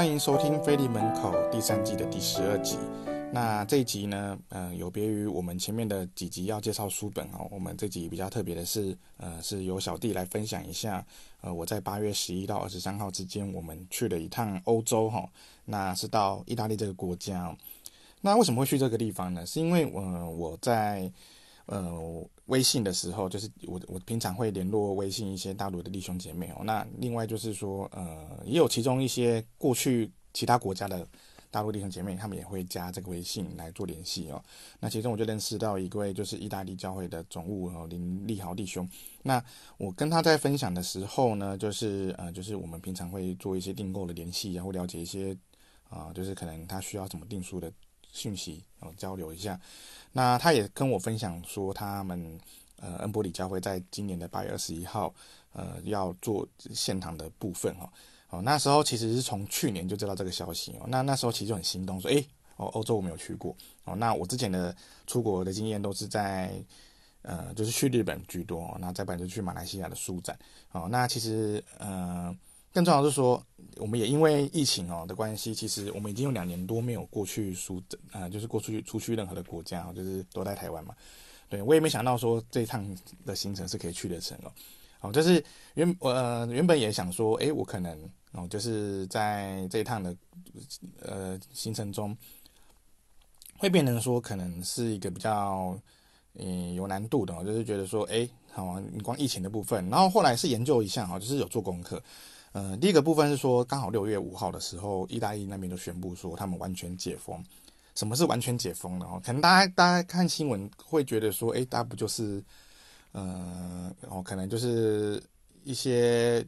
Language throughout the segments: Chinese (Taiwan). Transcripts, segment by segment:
歡迎收聽《腓利門口》第三季的第十二集。那這一集呢，嗯、呃，有別於我們前面的幾集要介紹書本哦。我們這集比較特別的是，呃，是由小弟來分享一下，呃，我在八月十一到二十三號之間，我們去了一趟歐洲，哈、呃，那是到意大利這個國家。那為什麼會去這個地方呢？是因為嗯、呃，我在呃。微信的時候，就是我我平常會聯絡微信一些大陸的弟兄姐妹哦。那另外就是說，呃，也有其中一些過去其他國家的大陸弟兄姐妹，他們也會加這個微信來做聯繫哦。那其中我就認識到一位就是意大利教會的總務、哦、林立豪弟兄。那我跟他在分享的時候呢，就是呃，就是我們平常會做一些訂購的聯繫，然後了解一些啊、呃，就是可能他需要怎麼訂書的。訊息哦，交流一下。那他也跟我分享說，他們呃恩波里教會在今年的八月二十一號，呃要做獻堂的部分哦，那時候其實是從去年就知道這個消息哦。那那時候其實很心動，說誒，哦、欸，歐洲我沒有去過哦。那我之前的出國的經驗都是在呃，就是去日本居多，哦、那再不然就是去馬來西亞的書展。哦，那其實呃。更重要的是說，我們也因為疫情哦、喔、的關係，其實我們已經有兩年多沒有過去出，啊、呃，就是過出去出去任何的國家，喔、就是都在台灣嘛。對我也沒想到說這一趟的行程是可以去得成哦、喔。好、喔，就是原我、呃、原本也想說，哎、欸，我可能哦、喔，就是在這一趟的呃行程中，會變成說可能是一個比較嗯有難度的、喔，就是覺得說，哎、欸，好、啊，你光疫情的部分，然後後來是研究一下哦、喔，就是有做功課。呃，第一個部分是說，剛好六月五號的時候，意大利那邊就宣布說他們完全解封。什麼是完全解封呢、哦？可能大家大家看新聞會覺得說，哎、欸，大家不就是，呃，哦，可能就是一些，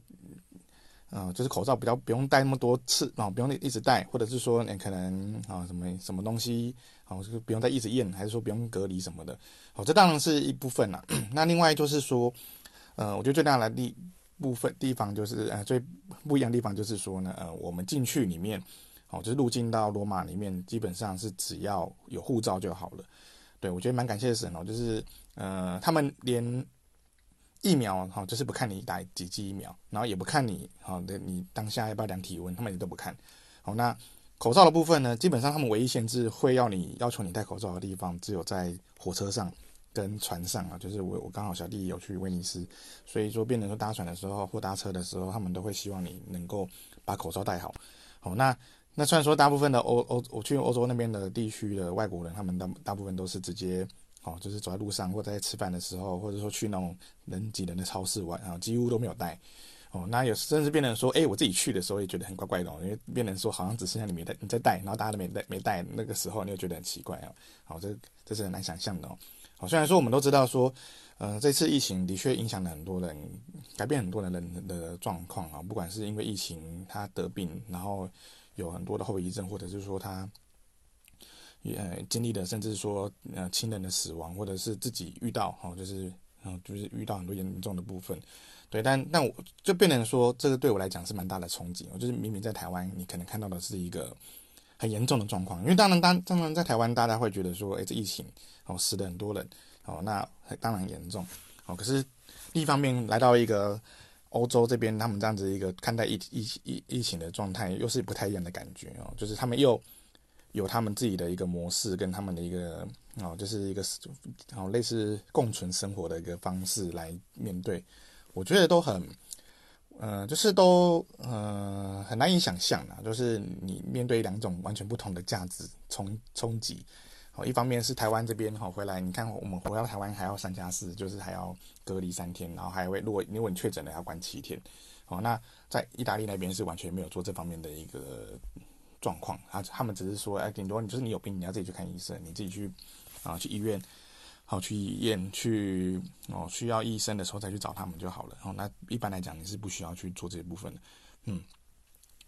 呃、就是口罩比較不用戴那麼多次，然、哦、後不用一直戴，或者是說，你、欸、可能啊、哦、什麼什麼東西，哦，就是不用再一直驗，還是說不用隔離什麼的。好、哦，這當然是一部分啦。 那另外就是說，呃，我覺得最大的地部分地方就是，哎、呃，最不一樣的地方就是說呢，呃，我們進去裡面，哦，就是入境到羅馬裡面，基本上是只要有護照就好了。對，我覺得蠻感謝神哦，就是呃，他們連疫苗哈、哦，就是不看你打幾劑疫苗，然後也不看你哈的、哦、你當下要不要量體溫，他們也都不看。好，那口罩的部分呢，基本上他們唯一限制會要你要求你戴口罩的地方，只有在火車上。跟船上啊，就是我我剛好小弟有去威尼斯，所以說變成說搭船的時候或搭車的時候，他們都會希望你能夠把口罩戴好，好。那那雖然說大部分的歐歐我去歐洲那邊的地區的外國人，他們大大部分都是直接哦，就是走在路上或在吃飯的時候，或者說去那種人擠人的超市玩，然後幾乎都沒有戴。哦，那有甚至變成說，哎、欸，我自己去的時候也覺得很怪怪的、哦，因為變成說好像只剩下你沒戴，你在戴，然後大家都沒戴沒戴，那個時候你就覺得很奇怪哦。好、哦，這這是很難想象的哦。好，雖然說我們都知道說，呃，這次疫情的確影響了很多人，改變很多人的的狀況啊，不管是因為疫情他得病，然後有很多的後遺症，或者是說他也，呃，經歷的甚至說，呃，親人的死亡，或者是自己遇到，哦、啊，就是、啊，就是遇到很多嚴重的部分，對，但但我就變成說，這個對我來講是蠻大的衝擊，我就是明明在台灣，你可能看到的是一個。很嚴重的狀況，因為當然，當當然在台灣，大家會覺得說，哎、欸，這疫情哦，死了很多人哦，那當然嚴重哦。可是另一方面，來到一個歐洲這邊，他們這樣子一個看待疫疫疫疫情的狀態，又是不太一樣的感覺哦，就是他們又有他們自己的一個模式，跟他們的一個哦，就是一個類似共存生活的一個方式來面對，我覺得都很。嗯、呃，就是都嗯、呃、很難以想象啦，就是你面對兩種完全不同的價值衝衝擊，哦，一方面是台灣這邊哈回來，你看我們回到台灣還要三加四，就是還要隔離三天，然後還會如果你如果你確診了要關七天，哦，那在意大利那邊是完全沒有做這方面的一個狀況，啊，他們只是說哎頂多你就是你有病你要自己去看醫生，你自己去啊去醫院。好去醫院去哦，需要醫生的時候再去找他們就好了。哦，那一般來講你是不需要去做這些部分的。嗯，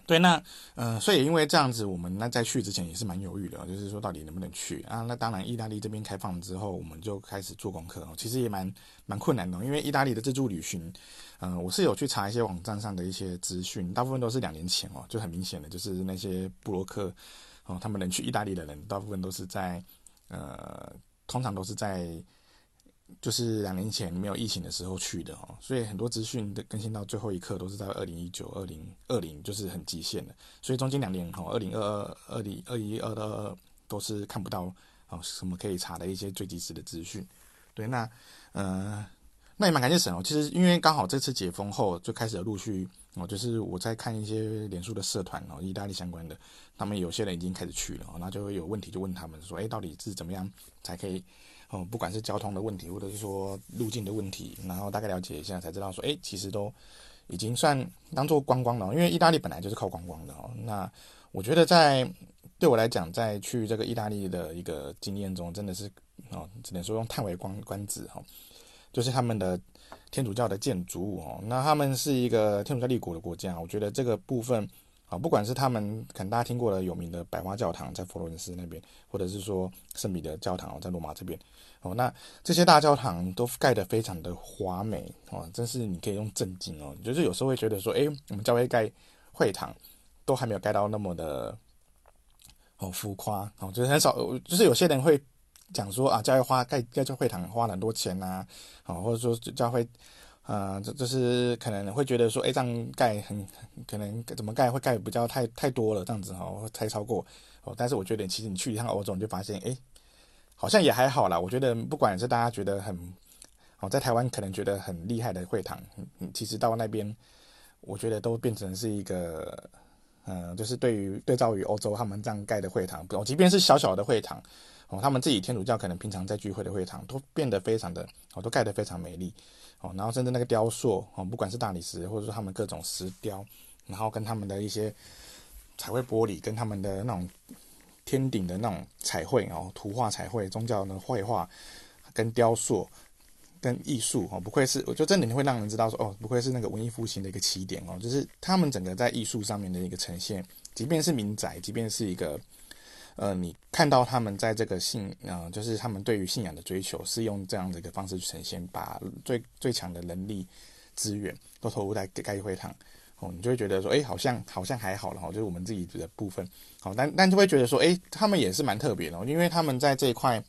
對，那嗯、呃，所以因為這樣子，我們那在去之前也是蠻猶豫的，就是說到底能不能去啊？那當然，意大利這邊開放了之後，我們就開始做功課。哦，其實也蠻蠻困難的，因為意大利的自助旅行，嗯、呃，我是有去查一些網站上的一些資訊，大部分都是兩年前哦，就很明顯的，就是那些部落客哦，他們能去意大利的人，大部分都是在呃。通常都是在，就是兩年前沒有疫情的時候去的哦、喔，所以很多資訊的更新到最後一刻都是在二零一九、二零二零，就是很極限的。所以中間兩年哈，二零二二、二零二一、二二都是看不到哦什麼可以查的一些最及時的資訊。對，那嗯、呃。那也蠻感謝神哦。其實因為剛好這次解封後就開始的陸續哦，就是我在看一些臉書的社團哦，意大利相關的，他們有些人已經開始去了，哦、然後就會有問題就問他們說，哎，到底是怎麼樣才可以哦？不管是交通的問題，或者是說路徑的問題，然後大概了解一下才知道說，哎，其實都已經算當做觀光，光了，因為意大利本來就是靠觀光，光的哦。那我覺得在對我來講，在去這個意大利的一個經驗中，真的是哦，只能說用嘆為觀觀止哈。就是他們的天主教的建築物哦，那他們是一個天主教立國的國家，我覺得這個部分啊，不管是他們，可能大家聽過的有名的百花教堂在佛羅倫斯那邊，或者是說聖彼得教堂在羅馬這邊，哦，那這些大教堂都蓋得非常的華美哦，真是你可以用震驚哦，就是有時候會覺得說，哎、欸，我們教會蓋會堂都還沒有蓋到那麼的哦浮誇哦，就是很少，就是有些人會。講說啊，教會花蓋，蓋會會堂花很多錢吶、啊，好、哦，或者說教會，啊、呃，這就是可能會覺得說，哎，這樣蓋很可能怎麼蓋會蓋比較太太多了，這樣子哈、哦，太超過哦。但是我覺得其實你去一趟歐洲，你就發現，哎，好像也還好啦。我覺得不管是大家覺得很哦，在台灣可能覺得很厲害的會堂，嗯、其實到那邊，我覺得都變成是一個，嗯、呃，就是對於對照於歐洲他們這樣蓋的會堂，不，即便是小小的會堂。哦，他們自己天主教可能平常在聚會的會場都變得非常的哦，都蓋得非常美麗哦，然後甚至那個雕塑哦，不管是大理石或者說他們各種石雕，然後跟他們的一些彩繪玻璃，跟他們的那種天頂的那種彩繪哦，圖畫彩繪宗教的繪畫跟雕塑跟藝術哦，不愧是，我覺得這裡面會讓人知道說哦，不愧是那個文藝復興的一個起點哦，就是他們整個在藝術上面的一個呈現，即便是民宅，即便是一個。呃，你看到他們在這個信，呃，就是他們對於信仰的追求是用這樣的一個方式呈現，把最最強的人力資源都投入在蓋會堂，哦，你就會覺得說，哎、欸，好像好像還好了哈、哦，就是我們自己的部分，好、哦，但但就會覺得說，哎、欸，他們也是蠻特別的、哦，因為他們在這一塊，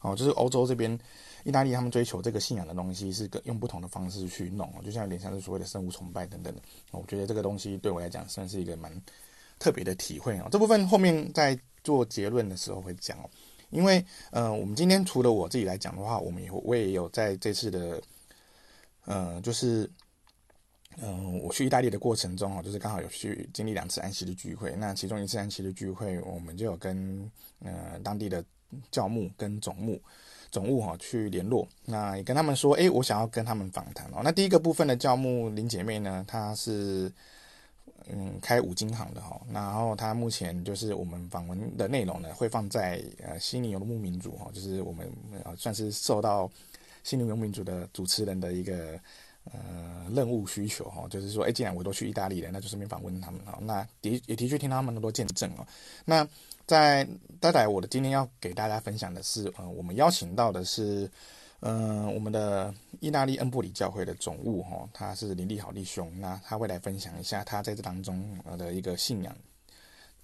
哦，就是歐洲這邊，意大利，他們追求這個信仰的東西是個用不同的方式去弄，哦、就像有點像是所謂的生物崇拜等等的、哦，我覺得這個東西對我來講算是一個蠻特別的體會啊、哦，這部分後面在。做結論的時候會講哦，因為嗯、呃，我們今天除了我自己來講的話，我們也我也有在這次的，嗯、呃，就是嗯、呃，我去意大利的過程中哦，就是剛好有去經歷兩次安息日聚會。那其中一次安息日聚會，我們就有跟嗯、呃、當地的教牧跟總務總務、哦、去聯絡，那也跟他們說，哎、欸，我想要跟他們訪談哦。那第一個部分的教牧林姐妹呢，她是。嗯，開五金行的哈，哦，然後他目前就是我們訪問的內容呢，會放在呃悉尼游牧民族哈，哦，就是我們、呃、算是受到悉尼游牧民族的主持人的一個呃任務需求哈，哦，就是說，哎，既然我都去意大利了，那就順便訪問他們哈，那的也的確聽他們那麼多見證哦。那在待呆，我的今天要給大家分享的是，呃，我們邀請到的是。嗯、呃，我們的意大利恩波裡教會的總務哈，他是林立豪弟兄，那他會來分享一下他在這當中的一個信仰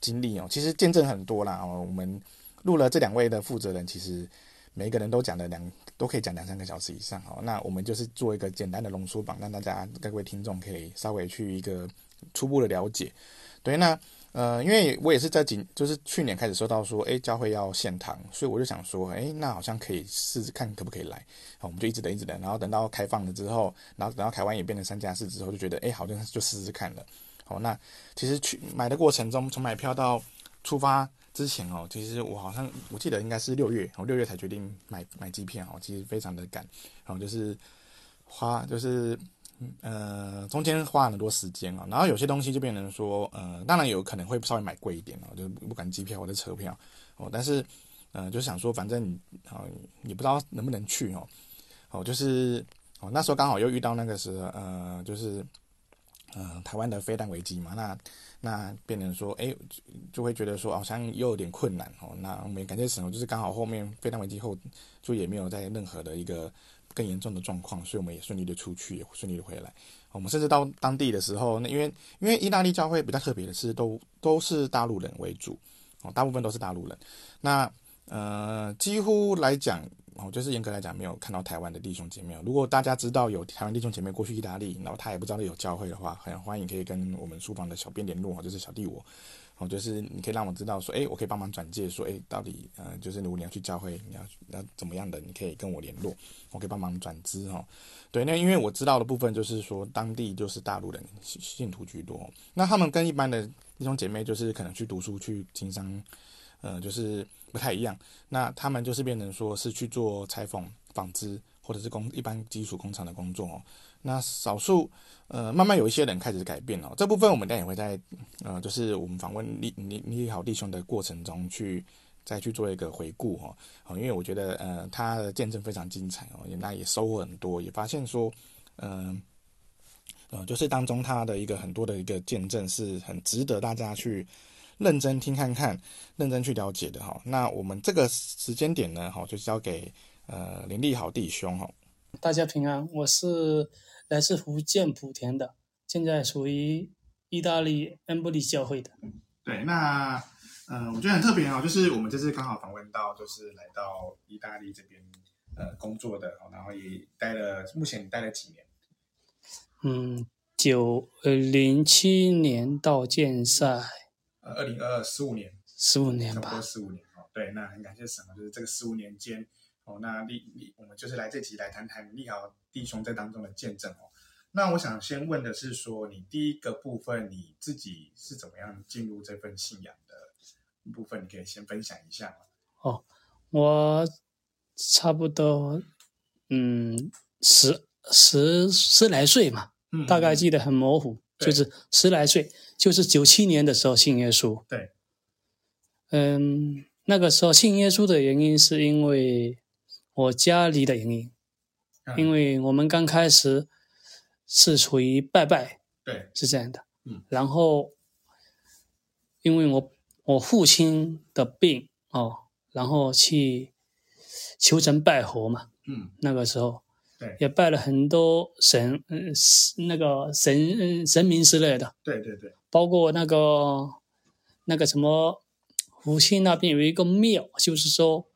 經歷哦。其實見證很多了，我們錄了這兩位的負責人，其實每一個人都講了兩，都可以講兩三個小時以上哦。那我們就是做一個簡單的濃縮版，讓大家各位聽眾可以稍微去一個初步的了解。對，那。呃，因為我也是在今，就是去年開始收到說，誒，教會要獻堂，所以我就想說，誒，那好像可以試試看，可不可以來？好，我們就一直等，一直等，然後等到開放了之後，然後等到台灣也變成三加四之後，就覺得，誒，好像就，就試試看了。哦，那其實去買的過程中，從買票到出發之前哦，其實我好像我記得應該是六月，我、哦、六月才決定買買機票，哦，其實非常的趕，然、哦、後就是花就是。嗯、呃，中間花很多時間啊、哦，然後有些東西就變成說，呃，當然有可能會稍微買貴一點哦，就不管機票或者車票哦，但是，嗯、呃，就是想說，反正你、哦，也不知道能不能去哦，哦，就是哦，那時候剛好又遇到那個時候，呃，就是，呃，台灣的飛彈危機嘛，那那變成說，哎、欸，就會覺得說好像又有點困難哦，那我們感謝神就是剛好後面飛彈危機後，就也沒有在任何的一個。更嚴重的狀況，所以我們也順利的出去，也順利的回來。我們甚至到當地的時候，那因為因為意大利教會比較特別的是都，都都是大陸人為主，哦，大部分都是大陸人。那呃，幾乎來講，哦，就是嚴格來講，沒有看到台灣的弟兄姐妹。如果大家知道有台灣弟兄姐妹過去意大利，然後他也不知道有教會的話，很歡迎可以跟我們書房的小編聯絡，就是小弟我。哦，就是你可以讓我知道說，哎、欸，我可以幫忙轉介，說，哎、欸，到底，嗯、呃，就是如果你要去教會，你要要怎麼樣的，你可以跟我聯絡，我可以幫忙轉資。哦，對，那因為我知道的部分就是說，當地就是大陸人信徒居多，那他們跟一般的弟兄姐妹就是可能去讀書、去經商，嗯、呃，就是不太一樣，那他們就是變成說是去做裁縫、紡織。或者是工一般基礎工廠的工作哦，那少數呃慢慢有一些人開始改變哦，這部分我們家也會在呃就是我們訪問立立立豪弟兄的過程中去再去做一個回顧哦哦，因為我覺得呃他的見證非常精彩哦，那也,也收穫很多，也發現說嗯呃,呃就是當中他的一個很多的一個見證是很值得大家去認真聽看看，認真去了解的哈、哦。那我們這個時間點呢哈、哦、就交、是、給。呃，林立豪弟兄哈，大家平安。我是來自福建莆田的，現在屬於意大利恩波里教會的。嗯、對，那嗯、呃，我覺得很特別哦，就是我們這次剛好訪問到，就是來到意大利這邊呃工作的，然後也待了，目前也待了幾年？嗯，九呃零七年到現在呃二零二二十五年，十五年吧，十五年哦。對，那很感謝神啊，就是這個十五年間。哦，那立立，我們就是來這集來談談立豪弟兄在當中的見證哦。那我想先問的是，說你第一個部分你自己是怎麼樣進入這份信仰的部分，你可以先分享一下嗎？哦，我差不多，嗯，十十十來歲嘛、嗯哼哼，大概記得很模糊，就是十來歲，就是九七年的時候信耶穌。對，嗯，那個時候信耶穌的原因是因為。我家裡的原因、嗯，因為我們剛開始是屬於拜拜，對，是這樣的，嗯、然後因為我我父親的病哦，然後去求神拜佛嘛，嗯，那個時候，對，也拜了很多神，嗯，那個神神明之類的，對對對，包括那個那個什麼，福建那邊有一個廟，就是說。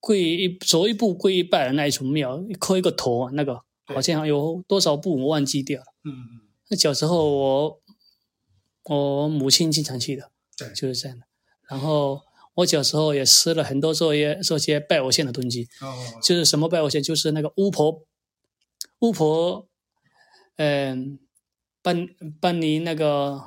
跪一走一步跪一拜的那一座廟，磕一個頭啊，那個好像有多少步我忘記掉了。嗯嗯。那小時候我我母親經常去的，對，就是這樣的。然後我小時候也吃了很多這些這些拜偶像的東西，哦，哦，哦。就是什麼拜偶像，就是那個巫婆，巫婆，嗯、呃，幫幫你那個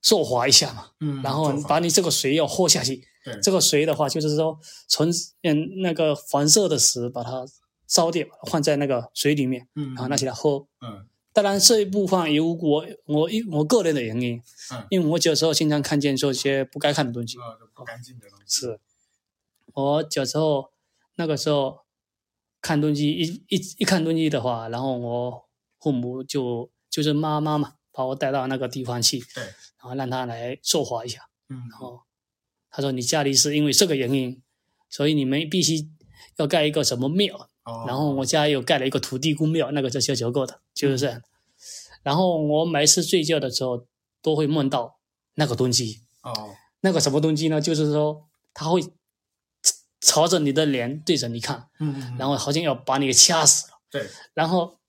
作法一下嘛，嗯，然後把你這個水要喝下去。這個水的話，就是說，純嗯那個黃色的石把它燒掉，放在那個水裡面，嗯，然後拿起來喝，嗯。當然這一部分有我我我個人的原因，嗯，因為我小時候經常看見說一些不該看的東西，不乾淨的東西，是。我小時候那個時候看東西一一一看東西的話，然後我父母就就是媽媽嘛，把我帶到那個地方去，對，然後讓他來坐化一下，嗯，然後。他說：“你家裡是因為這個原因，所以你們必須要蓋一個什麼廟？哦、oh.，然後我家又蓋了一個土地公廟，那個叫叫結構的，就是這樣。Mm -hmm. 然後我每次睡覺的時候都會夢到那個東西。哦、oh.，那個什麼東西呢？就是說他會朝着你的臉對着你看。嗯、mm -hmm. 然後好像要把你給掐死了。對，然後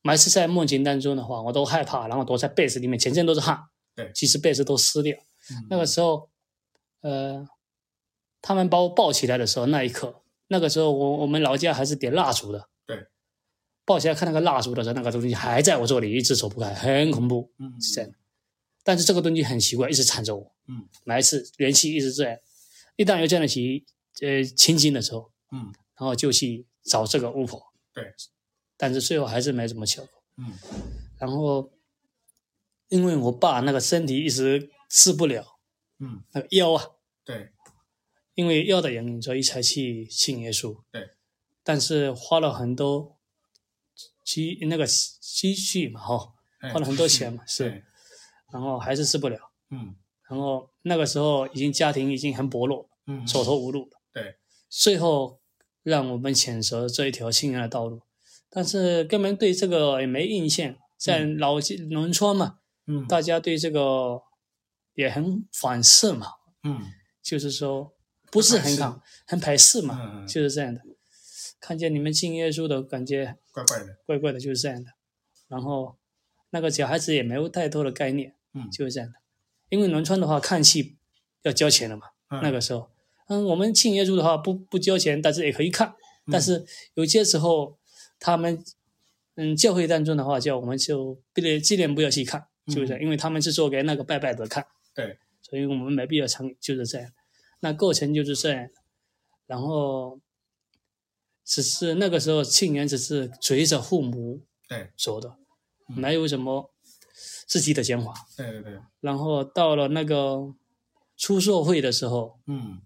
每次在夢境當中的話，我都害怕，然後躲在被子裡面，全身都是汗。對，其實被子都濕掉。Mm -hmm. 那個時候。”呃，他們把我抱起來的時候，那一刻，那個時候我我們老家還是點蠟燭的，對，抱起來看那個蠟燭的時候，那個東西還在我這裡，一直走不開，很恐怖，嗯，嗯，是這樣的。但是這個東西很奇怪，一直纏着我，嗯，每一次元氣一直在，一旦有這樣的奇呃情景的時候，嗯，然後就去找這個巫婆，對，但是最後還是沒怎麼求，嗯，然後因為我爸那個身體一直治不了。嗯，那個腰啊，對，因為腰的原因，所以才去信耶穌。對，但是花了很多積那個積蓄嘛、哦，哈、哎，花了很多錢嘛，是，是是，然後還是治不了。嗯，然後那個時候已經家庭已經很薄弱，嗯，走投無路，對，最後讓我們選擇這一條信仰的道路，但是根本對這個也沒印象，在老農村、嗯、嘛，嗯，大家對這個。也很反射嘛，嗯，就是說不是很看，很排斥嘛，嗯嗯，就是這樣的。看見你們信耶穌的感覺怪怪的，怪怪的，就是這樣的。乖乖的，然後那個小孩子也沒有太多的概念，嗯，就是這樣的。因為農村的話看戲要交錢的嘛，嗯，那個時候，嗯，我們信耶穌的話不不交錢，但是也可以看，嗯，但是有些時候他們，嗯，教會當中的話叫我們就不得儘量不要去看，就是，嗯？因為他們是做給那個拜拜的看。對，所以我們沒必要成就是這樣，那過、個、程就是這樣，然後只是那個時候青年只是隨着父母說對走的、嗯，沒有什麼自己的想法。對對對。然後到了那個出社會的時候，嗯，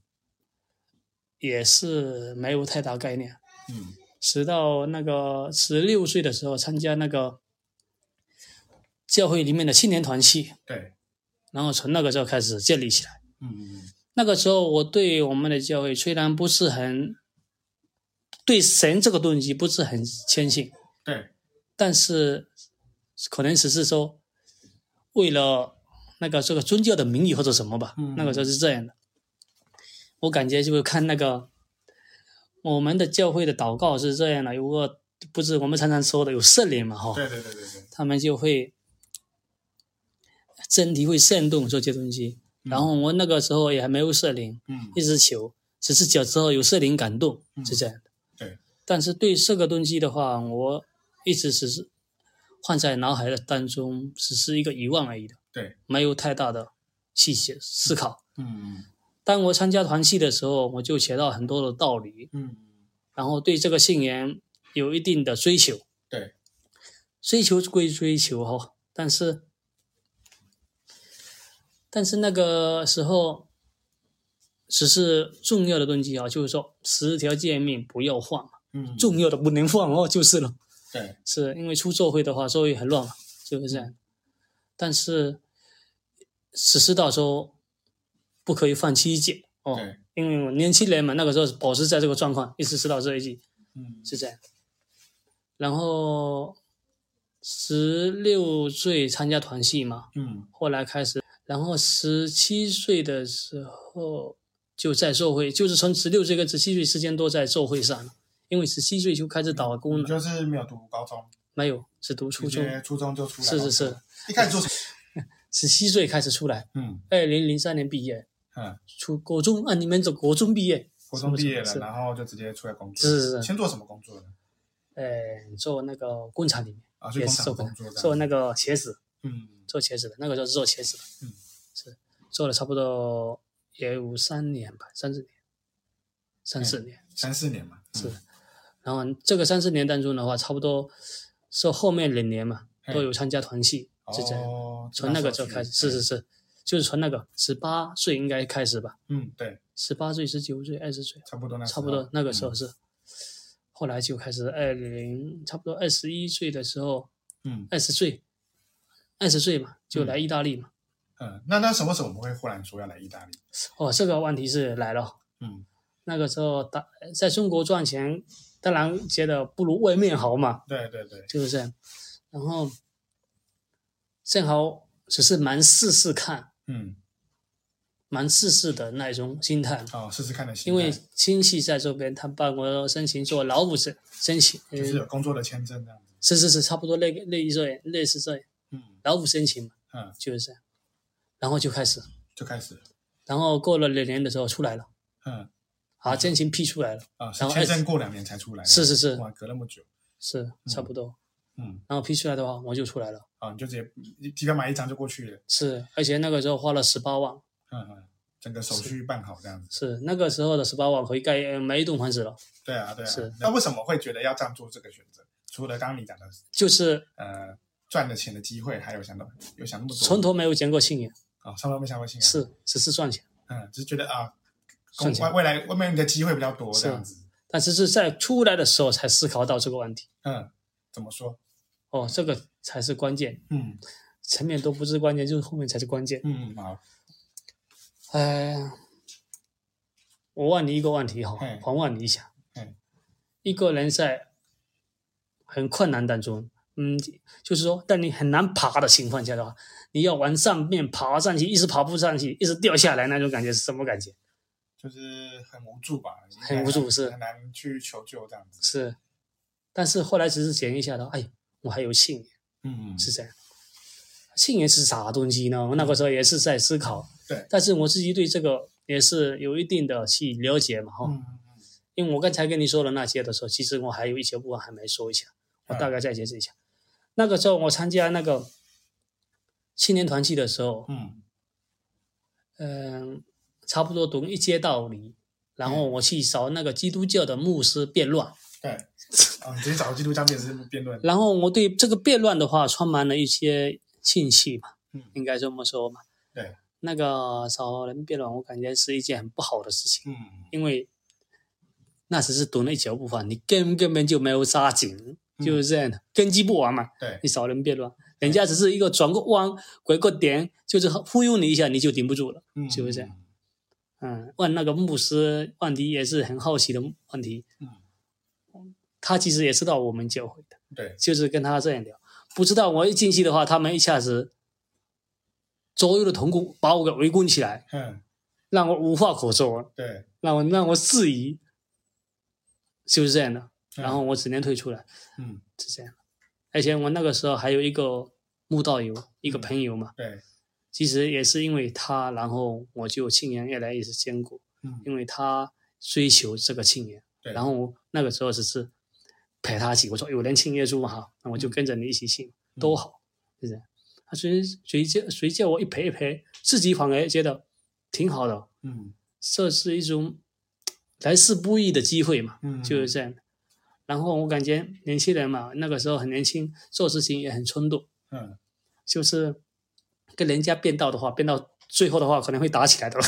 也是沒有太大概念。嗯。直到那個十六歲的時候，參加那個教會裡面的青年團契，對。然後從那個時候開始建立起來。嗯，嗯，那個時候我對我們的教會雖然不是很，對神這個東西不是很虔信。對。但是，可能只是說，為了那個這個宗教的名義或者什麼吧。嗯嗯。那個時候是這樣的，我感覺就是看那個，我們的教會的禱告是這樣的，如果不是我們常常說的有聖靈嘛哈、哦。他們就會。身體會震動，說這東西、嗯。然後我那個時候也還沒有設靈、嗯，一直求，只是腳之後有設靈感動，是、嗯、這樣的。對。但是對這個東西的話，我一直只是放在腦海的當中，只是一個疑問而已的。對。沒有太大的去想思考。嗯。當我參加團契的時候，我就學到很多的道理。嗯。然後對這個信仰有一定的追求。對。追求歸追求哈，但是。但是那個時候，只是重要的東西啊，就是說十條誡命，不要換、嗯，重要的不能換哦，就是了。對，是因為出社會的話，社會很亂嘛、啊，就是這樣。但是，實施到時候不可以放棄一切哦，因為我年輕人嘛，那個時候保持在這個狀況，一直直到這一季。嗯，是這樣。然後十六歲參加團契嘛，嗯，後來開始。然後十七歲的時候就在社會，就是從十六歲跟十七歲時間都在社會上，因為十七歲就開始打工了。嗯，就是沒有讀高中，沒有只讀初中，初中就出來。是是是，一開始就是十七歲開始出來。嗯，二零零三年畢業。嗯，初高中啊，你們走國中畢業。國中畢業了，是是是是是，然後就直接出來工作。是是是，先做什麼工作呢？呃，做那個工廠裡面，啊做工廠的工作，做那個鞋子。嗯。做茄子的那個叫做茄子的，那個、是，做，的、嗯、是做了差不多也有三年吧，三四年，三四年，三四年嘛、嗯，是。然後這個三四年當中的話，差不多是後面兩年嘛，都有參加團契哦，從那個時候開始，是是是，就是從那個十八歲應該開始吧。嗯，對，十八歲、十九歲、二十歲，差不多那，差不多那個時候是。嗯、後來就開始二零，差不多二十一歲的時候，嗯，二十歲。二十歲嘛，就來意大利嘛。嗯，嗯，那他什麼時候我們會忽然說要來意大利？哦，這個問題是來了。嗯，那個時候在在中國賺錢，當然覺得不如外面好嘛。對對對，對就是這樣。然後正好只是蠻試試看，嗯，蠻試試的那一種心態。哦，試試看的心態，因為親戚在這邊，他辦我申請做勞務證，申請就是有工作的簽證的，呃，是是是，差不多類類似這樣，類似這樣。老虎申請嘛，嗯，就是這樣，然後就開始，就開始，然後過了兩年的時候出來了，嗯，啊、嗯，申請批出來了，啊，然後啊簽證過兩年才出來，是是是，隔那麼久，是、嗯、差不多，嗯，然後批出來的話，我就出來了，啊，你就直接，你、啊、你直接買一張就過去了，是，而且那個時候花了十八萬，嗯、啊、嗯，整個手續辦好這樣子，是，是那個時候的十八萬可以蓋買一棟房子了，對啊對啊，是，那為什麼會覺得要這樣做這個選擇？除了剛剛你講的，就是，呃。賺的錢的機會，還有想到有想那麼多，從頭沒有見過信仰啊、哦，從頭沒想過信仰，是只是賺錢，嗯，只、就是覺得啊，外未來外面的機會比較多這樣子，但只是在出來的時候才思考到這個問題，嗯，怎麼說？哦，這個才是關鍵，嗯，前面都不是關鍵，就是後面才是關鍵，嗯，好，哎，我問你一個問題哈，還問你一下，嗯，一個人在很困難當中。嗯，就是說，在你很難爬的情況下的話，你要往上面爬上去，一直爬不上去，一直掉下來，那種感覺是什麼感覺？就是很無助吧，很，很無助，是很難去求救這樣子。是，但是後來只是想一下的，哎，我還有信念，嗯，嗯，是這樣。信念是啥東西呢？我那個時候也是在思考。對、嗯。但是我自己對這個也是有一定的去了解嘛，哈。因為我剛才跟你說的那些的時候，其實我還有一些部分還沒說一下，我大概再解釋一下。嗯嗯。那個時候我參加那個青年團契的時候，嗯，嗯、呃，差不多懂一些道理、嗯、然後我去找那個基督教的牧師辯論，對，對、 啊，你直接找基督教牧師辯論。然後我對這個辯論的話，充滿了一些興趣嘛、嗯，應該這麼說嘛。對、嗯，那個找人辯論，我感覺是一件很不好的事情，嗯，因為，那只是懂了一小部分，你根根本就沒有扎緊。就是這樣的、嗯，根基不穩嘛。對，你少人辯論，人家只是一個轉個彎、拐個點，就是忽悠你一下，你就頂不住了，嗯，就是不是？嗯，問那個牧師問題也是很好奇的問題。嗯，他其實也知道我們教會的。對，就是跟他這樣聊。不知道我一進去的話，他們一下子左右的同工把我給圍攻起來，嗯，讓我無話可說。對，讓我讓我質疑，是、就、不是這樣的？然後我只能退出來，嗯，是這樣，而且我那個時候還有一個慕道友、嗯，一個朋友嘛，對，其實也是因為他，然後我就信仰越來越是堅固，嗯，因為他追求這個信仰，對。然後我那個時候只是陪他去，我說有人信耶穌嘛，哈、嗯，那我就跟着你一起信，都、嗯、好，是這樣。他隨隨叫隨叫我一陪一陪，自己反而覺得挺好的，嗯，這是一種來之不易的機會嘛，嗯，就是這樣的。嗯然後我感覺年輕人嘛，那個時候很年輕，做事情也很衝動。嗯，就是跟人家辯道的話，辯到最後的話，可能會打起來的。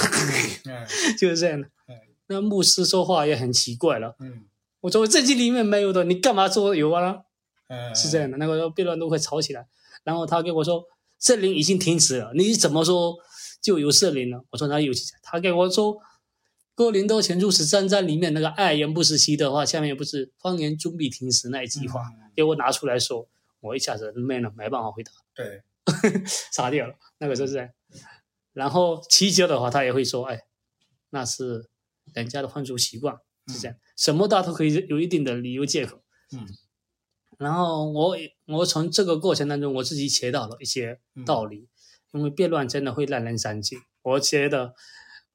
嗯， 就是這樣的、嗯。那牧師說話也很奇怪了。嗯，我說我聖經裡面沒有的，你幹嘛說有啊？嗯，是這樣的，那個時候辯論都會吵起來。然後他跟我說，聖靈已經停止了，你怎麼說就有聖靈了？我說哪有，他給我說。哥林多前，十三章裡面那個“愛是永不止息”的話，下面不是“方言終必停止”那一句話、嗯嗯，給我拿出來說，我一下子沒了，沒辦法回答，對、嗯， 傻掉了，那個就是這樣、嗯。然後祈求的話，他也會說：“哎，那是人家的風俗習慣，是這樣，嗯、什麼大都可以有一定的理由借口。”嗯，然後我我從這個過程當中，我自己學到了一些道理，嗯、因為辯論真的會讓人長進，我覺得。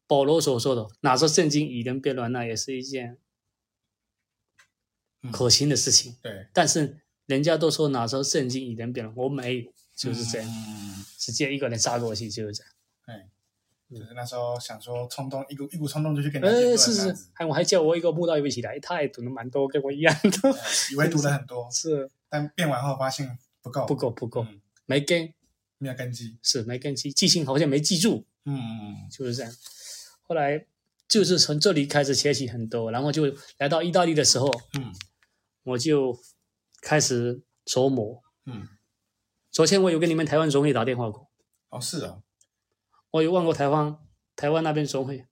保羅所說的拿著聖經與人辯論，那也是一件可行的事情。嗯、對，但是人家都說拿著聖經與人辯論，我沒有，就是這樣、嗯，直接一個人殺過去就是這樣。哎，就是那時候想說衝動、嗯、一股一股衝動就去跟人辯論。哎、欸，是是，是，我還叫我一個慕道友一起來，他也讀了蠻多跟我一樣的，以為讀了很多，是，但變完後發現不夠，不夠不夠，不夠嗯、沒根沒有根基，是沒根基，記性好像沒記住，嗯嗯，就是這樣。後來就是從這裡開始學習很多，然後就來到意大利的時候，嗯，我就開始琢磨。嗯，昨天我有跟你們台灣總會打電話過。哦，是啊，我有問過台灣台灣那邊總會，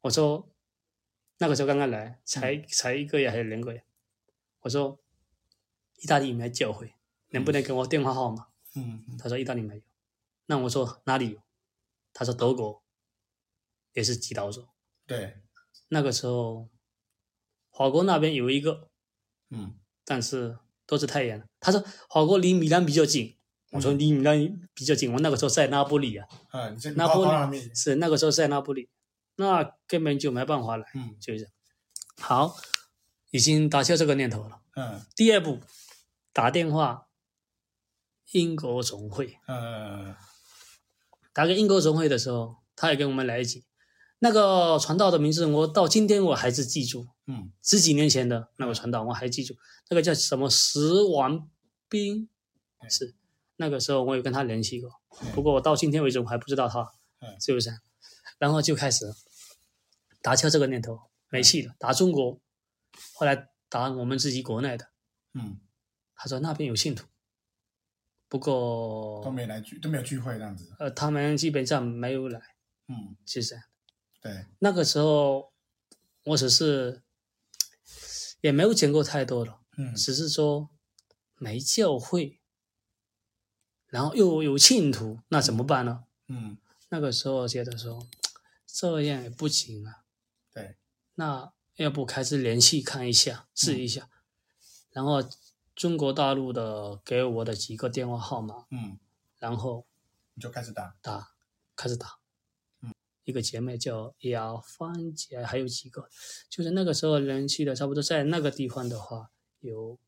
我說那個時候剛剛來，才、嗯、才一個月還是兩個月，我說意大利有沒有教會，能不能給我電話號碼？嗯，他說意大利沒有，那我說哪裡有？他說德國。也是指道者。對，那個時候，法國那邊有一個，嗯，但是都是太遠。他說法國離米蘭比較近，嗯，我說離米蘭比較近，我那個時候在那不里啊。啊、嗯，你在那不里？是那個時候在那不里，那根本就沒辦法來。嗯，就是這樣。好，已經打消這個念頭了。嗯。第二步，打電話英國總會。嗯。打給英國總會的時候，他也跟我們來一起。那個傳道的名字，我到今天我還是記住。嗯，十幾年前的那個傳道，我還記住。那個叫什麼石王兵，是。那個時候我有跟他聯繫過，不過我到今天為止我還不知道他，是不是？然後就開始了打消這個念頭，沒戲了。打中國，後來打我們自己國內的。嗯。他說那邊有信徒，不過都沒來聚，都沒有聚會這樣子。呃，他們基本上沒有來。嗯，就是這樣的。對，那個時候我只是也沒有講過太多的，嗯，只是說沒教會，然後又有信徒，那怎麼辦呢？嗯，嗯，那個時候覺得說這樣也不行啊，對，那要不開始聯繫看一下，試一下，嗯，然後中國大陸的給我的幾個電話號碼，嗯，然後你就開始打，打，開始打。一個姐妹叫雅芳姐，還有幾個，就是那個時候人去的差不多，在那個地方的話有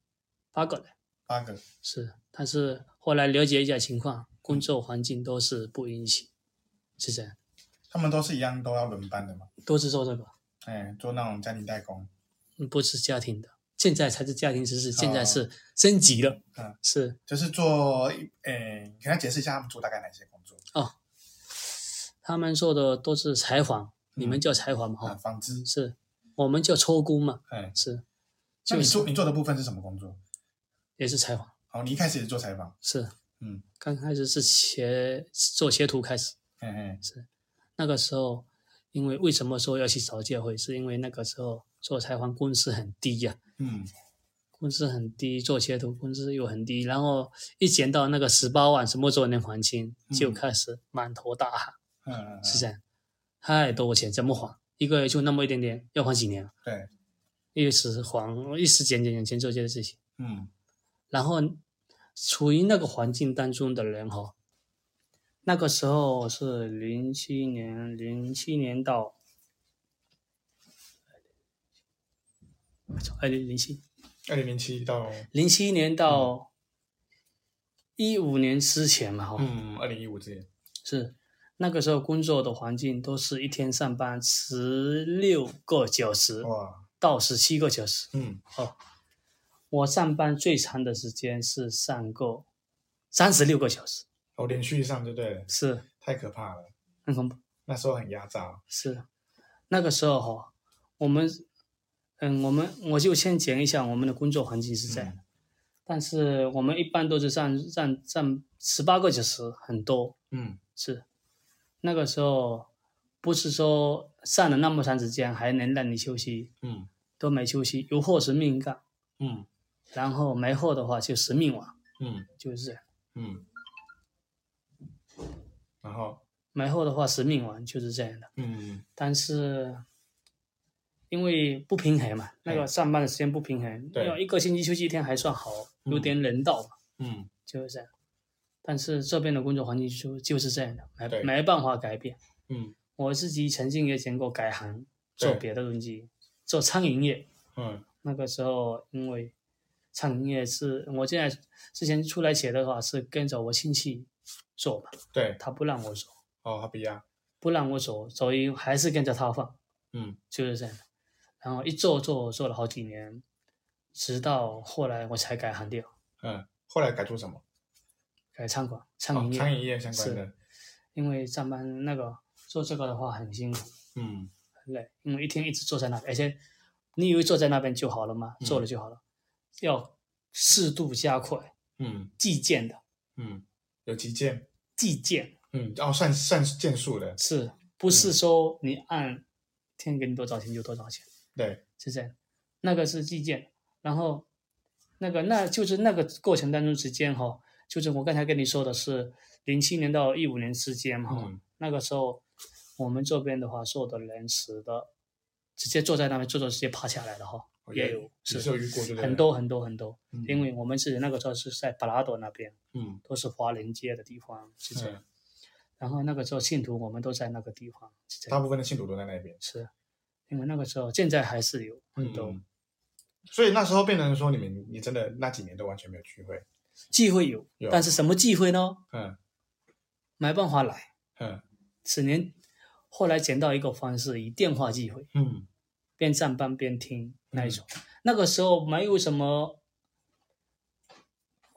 八個人，八個是，但是後來了解一下情況，工作環境都是不允許、嗯，是這樣。他們都是一樣都要輪班的嘛？都是做這個，哎，做那種家庭代工。嗯、不是家庭的，現在才是家庭之勢、哦，現在是升級了、嗯。嗯，是，就是做一，哎、呃，給他解釋一下他們做大概哪些工作哦。他們做的都是裁縫，嗯，你們叫裁縫嘛？哈，啊，紡織是，我們叫抽工嘛？哎，是，就是，你做你做的部分是什麼工作？也是裁縫。好，你一開始也做裁縫？是。嗯，剛開始是學做學徒開始。嗯嗯，是。那個時候，因為為什麼說要去找教會？是因為那個時候做裁縫工資很低呀，啊。嗯。工資很低，做學徒工資又很低，然後一減到那個十八萬什麼時候能還清，就開始滿頭大汗。嗯 是這樣，太、 哎、多錢怎麼還？一個月就那麼一點點，要還幾年？對，一時還，一時間點錢做這些事情。嗯，然後處於那個環境當中的人哈，那個時候是零七年，零七年到二零零七，二零零七到零七年到一五年之前吧，嗯，二零一五之前是。那個時候工作的環境都是一天上班十六個小時到十七個小時，嗯，哦，我上班最長的時間是上過三十六個小時，哦，連續上就對了，是太可怕了，很恐怖。那時候很壓榨。是，那個時候哈、哦，我們，嗯，我們我就先講一下我們的工作環境是這樣的、嗯，但是我們一般都是上上上十八個小時，很多，嗯，是。那個時候，不是說上了那麼長時間還能讓你休息，嗯，都沒休息。有貨死命幹，嗯，然後沒貨的話就死命玩，嗯，就是這樣，嗯，然後沒貨的話死命玩就是這樣的，嗯。但是，因為不平衡嘛、嗯，那個上班的時間不平衡、嗯，要一個星期休息一天還算好，嗯、有點人道嘛，嗯，就是這樣。但是這邊的工作環境就就是這樣的，沒沒辦法改變。嗯，我自己曾經也想過改行做別的東西，做餐飲業。嗯，那個時候因為餐飲業是我現在之前出來寫的話是跟着我親戚做嘛。對。他不讓我走，哦，他不一樣。不讓我走，所以還是跟着他放。嗯，就是這樣的。然後一做做做了好幾年，直到後來我才改行掉。嗯，後來改做什麼？哎，餐館、餐飲業、哦、業相關的，因為上班那個做這個的話很辛苦，嗯，很累，因為一天一直坐在那邊，而且你以為坐在那邊就好了嘛？坐、嗯、了就好了，要適度加快，嗯，計件的，嗯，有幾件，計件，嗯，要、哦、算算件數的，是，不是說你按天、嗯、給你多少錢就多少錢，對，是這樣，那個是計件，然後那個那就是那個過程當中之間哈。就是我剛才跟你說的是，零七年到一五年之間嘛、嗯，那個時候，我們這邊的話，所有的人死的，直接坐在那邊坐着，直接趴下來的哈，也有，是是是是很多很多很多、嗯，因為我們是那個時候是在布拉多那邊，嗯，都是華人街的地方，是這樣、嗯嗯，然後那個時候信徒我們都在那個地方，大部分的信徒都在那邊，是，因為那個時候現在還是有很多嗯嗯，所以那時候變成說你們，你真的那幾年都完全沒有聚會？聚會有，有，但是什麼聚會呢？嗯，沒辦法來。嗯，只能後來撿到一個方式，以電話聚會。嗯，邊上班邊聽那一種、嗯。那個時候沒有什麼，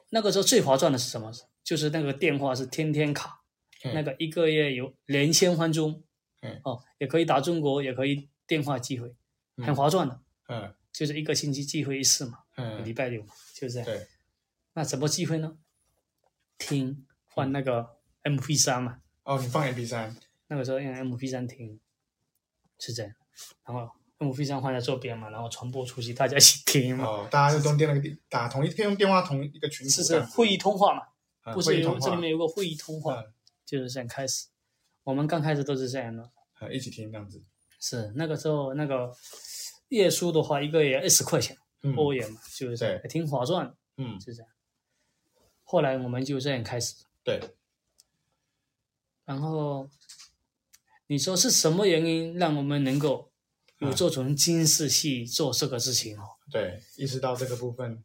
那個時候最划算的是什麼？就是那個電話是天天卡，嗯、那個一個月有兩千分鐘。嗯，哦，也可以打中國，也可以電話聚會、嗯，很划算的。嗯，就是一個星期聚會一次嘛，嗯、禮拜六嘛，就是這樣。嗯那什麼機會呢？聽，換那個 MP3 嘛。哦，你放 MP3。那個時候用 MP3 聽，是這樣。然後 MP3 放在這邊嘛，然後傳播出去，大家一起聽嘛。哦，大家就用定了個電，打同一電電話同一個群這樣。是是會議通話嘛？嗯、話不是，這裡面有個會議通話、嗯，就是這樣開始。我們剛開始都是這樣的，啊、嗯，一起聽這樣子。是那個時候那個，月租的話一個月二十塊錢、嗯，歐元嘛，就是，這還挺划算的。嗯，是這樣。後來我們就這樣開始，對。然後，你說是什麼原因讓我們能夠有這種精神去做這個事情哦、嗯？對，意識到這個部分。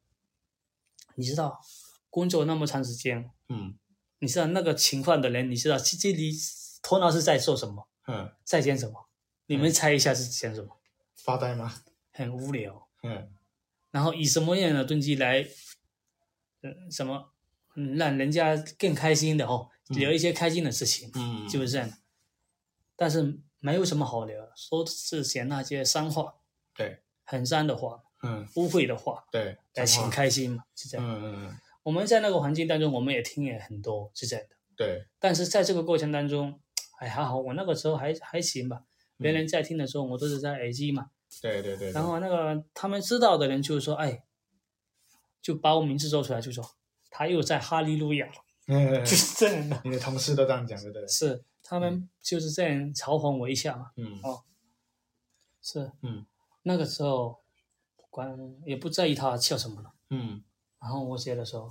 你知道，工作那麼長時間，嗯，你知道那個情況的人，你知道這裡頭腦是在做什麼？嗯，在想什麼、嗯？你們猜一下是想什麼？發呆嗎？很無聊。嗯。然後以什麼樣的動機來，嗯，什麼？嗯，讓人家更開心的哦，聊一些開心的事情，嗯，就是這樣的。但是沒有什麼好聊，說是講那些髒話，對，很髒的話，嗯，污穢的話，對，來請開心嘛，是這樣、嗯嗯。我們在那個環境當中，我們也聽也很多，是這樣的。對。但是在這個過程當中，哎，還好，好，我那個時候還還行吧。別人在聽的時候，我都是在耳機嘛。對對對。然後那個他們知道的人，就是說對對對對，哎，就把我名字說出來，就說。他又在哈利路亞，就是這樣的。 你的同事都這樣講，對不對？是，他們就是這樣嘲諷我一下嘛。嗯。哦。是，嗯，那個時候，不管，也不在意他笑什麼了。嗯。然後我覺得說，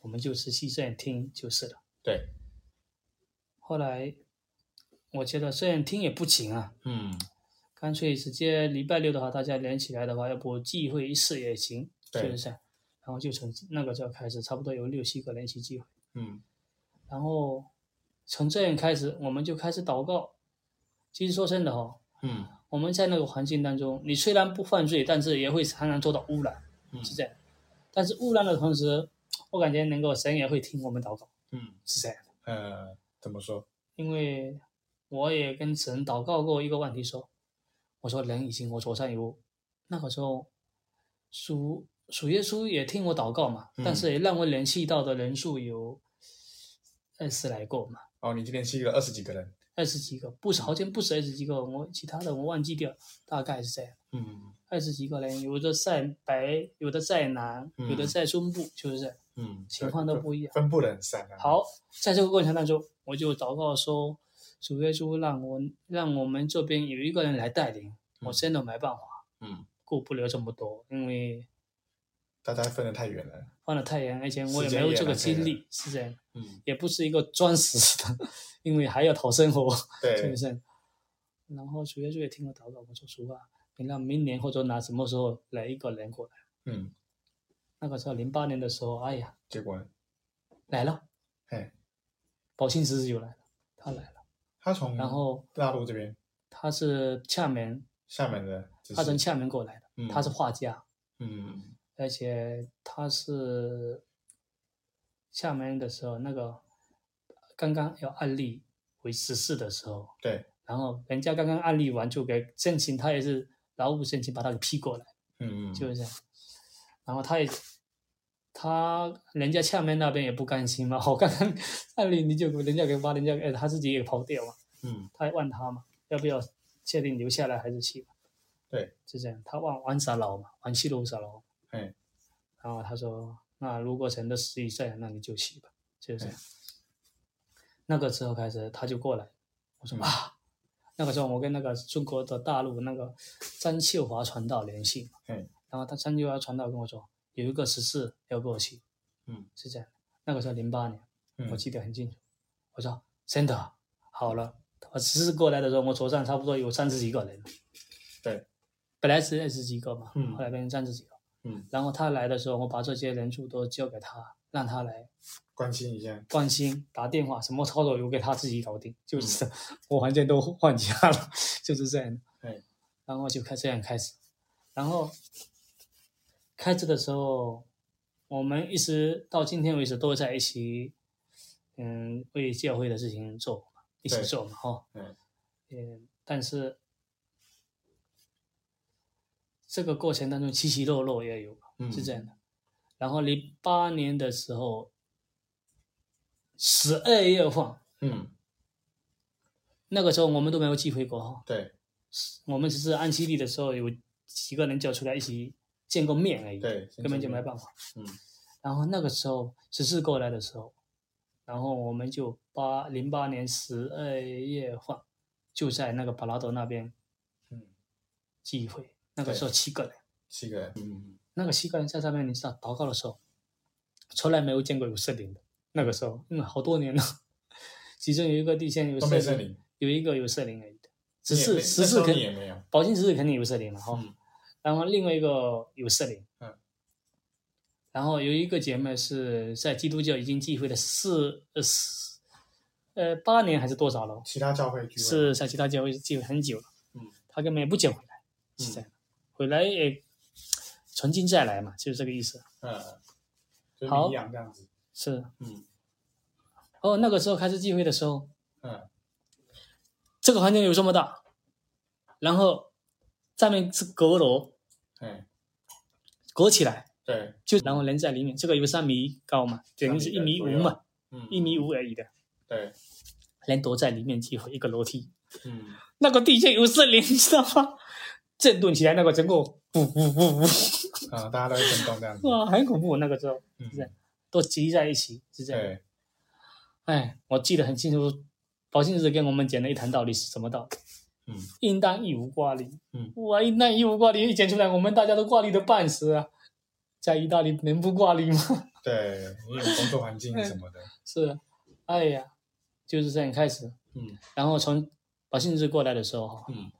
我們就只是這樣聽就是了。對。後來，我覺得這樣聽也不行啊。嗯。乾脆直接禮拜六的話，大家連起來的話，要不聚會一次也行，對就是這樣。然後就從那個時候開始，差不多有六七個人一起聚會。嗯，然後從這樣開始，我們就開始禱告。其實說真的哈、哦，嗯，我們在那個環境當中，你雖然不犯罪，但是也會常常遭到污染。嗯，是這樣、嗯。但是污染的同時，我感覺能夠神也會聽我們禱告。嗯，是這樣。呃，怎麼說？因為我也跟神禱告過一個問題，說，我說人已經我左上有，那個時候，書。主耶穌也聽我禱告嘛，嗯、但是也讓我聯繫到的人數有二十來個嘛。哦，你就聯繫了二十幾個人？二十幾個，不是好像不是二十幾個，我其他的我忘記掉，大概是這樣，嗯，二十幾個人，有的在北，有的在南、嗯，有的在中部，就是這樣。嗯，情況都不一樣，分布很散。好，在這個過程當中，我就禱告說，主耶穌讓我讓我們這邊有一個人來帶領，我真的沒辦法，嗯，顧不了這麼多，因為。大家分得太遠了，分得太遠，而且我也沒有這個精力，是這樣，嗯，也不是一個專職的，因為還要討生活，對、嗯，本身，然後徐月珠也聽得懂，我說實話，你讓明年或者拿什麼時候來一個人過來，嗯，那個時候零八年的時候，哎呀，結果呢，來了，哎，寶慶侄子又來了，他來了，他從然後大陸這邊，他是廈門，廈門的，他從廈門過來的，嗯、他是畫家，嗯。而且他是廈門的時候，那個剛剛要按立為執事的時候，對，然後人家剛剛按立完就給申請，他也是勞務申請把他給批過來，嗯嗯，就是這樣。然後他也他人家廈門那邊也不甘心嘛，好剛剛按立你就人家給把人家呃他自己也跑掉嘛，嗯，他也問他嘛，要不要確定留下來還是去？對，是這樣，他望多少樓嘛，還樓多少樓？嗯，然後他說：“那如果成的十億在，那你就去吧。”就是這樣、哎。那個時候開始他就過來，我說、嗯：“啊，那個時候我跟那個中國的大陸那個張秀華傳道聯繫。哎”嗯。然後他張秀華傳道跟我說：“有一個十四要過我去？”嗯，是這樣。那個時候零八年、嗯，我記得很清楚。我說：“真、嗯、的好了。”我十四過來的時候，我桌上差不多有三十幾個人。對、哎，本來是二十幾個嘛，嗯、後來變成三十幾個。嗯，然後他來的時候，我把這些人數都交給他，讓他來關心一下，關心打電話，什麼操作留給他自己搞定，就是、嗯、我完全都換家了，就是這樣的。哎、嗯，然後就開這樣開始，然後開始的時候，我們一直到今天為止都在一起，嗯，為教會的事情做，一起做嘛，哈，嗯，嗯，但是。這個過程當中起起落落也有，嗯，是這樣的。然後零八年的時候，十二月份，嗯，那個時候我們都沒有聚會過哈。對，我們只是安息日的時候有幾個人叫出來一起見過面而已，對，根本就沒辦法。嗯。然後那個時候十四過來的時候，然後我們就八零八年十二月份就在那個帕拉德那邊，聚，嗯，會。那個時候七個人，七個人，嗯，那個七個人在上面，你知道禱告的時候，從來沒有見過有聖靈的。那個時候，嗯，好多年了。其中有一個弟兄有聖靈，有一個有聖靈而已的。十四十四肯定，寶經十四肯定有聖靈了哈，嗯。然後另外一個有聖靈，嗯。然後有一個姐妹是在基督教已經聚會了四,四呃、四呃八年還是多少了？其他教會是，在其他教會聚會很久了。嗯。她根本也不見回來，是這樣回來也重新再來嘛，就是這個意思。嗯，一樣這樣子，好，是，嗯。哦，那個時候開始聚會的時候，嗯，這個房間有這麼大，然後上面是閣樓，嗯，隔起來，對，就然後人在裡面，這個有三米高嘛，等於是一米五嘛，嗯，一米五而已的，對、嗯，人躲在裡面聚會，一個樓梯，嗯，那個地下有森林，你知道嗎？震動起來，那個整個嗚嗚嗚嗚啊，大家都會震動這樣子 哇，很恐怖那個時候、嗯，是，不是都集在一起，是這樣。對、欸，哎，我記得很清楚，保慶志跟我們講的一堂道理，是什麼道理？嗯，應當一無掛慮、嗯。哇，應當一無掛慮一講出來，我們大家都掛慮得半死啊，在意大利能不掛慮嗎？ 對，你有工作環境什麼的、欸。是，哎呀，就是這樣開始。嗯，然後從保慶志過來的時候哈。嗯。嗯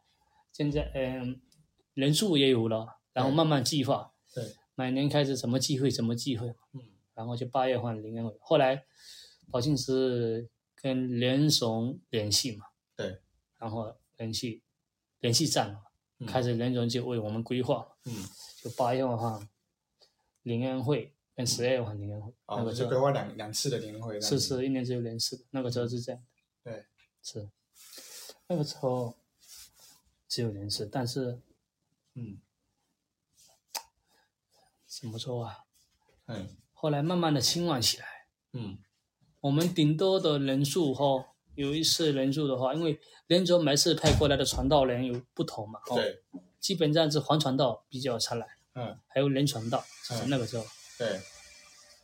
現在，嗯，人數也有了，然後慢慢計劃。嗯、對，每年開始怎麼聚會，怎麼聚會。嗯。然後就八月份聯歡會，後來，好像是跟聯總聯繫嘛。對。然後聯繫，聯繫站嘛，開始聯總就為我們規劃。嗯。就八月份的話，聯歡會跟十二月份聯歡會。哦，那個、就是、規劃兩兩次的聯歡會。是，是，一年只有兩次，那個時候是這樣的。對，是，那個時候。只有人是，但是，嗯，怎麼說啊？嗯。後來慢慢的興旺起來。嗯。我們頂多的人數哈，有一次人數的話，因為連州每次派過來的傳道人有不同嘛，對。哦、基本上是黃傳道比較常來。嗯。還有人傳道，那個時候。嗯、對。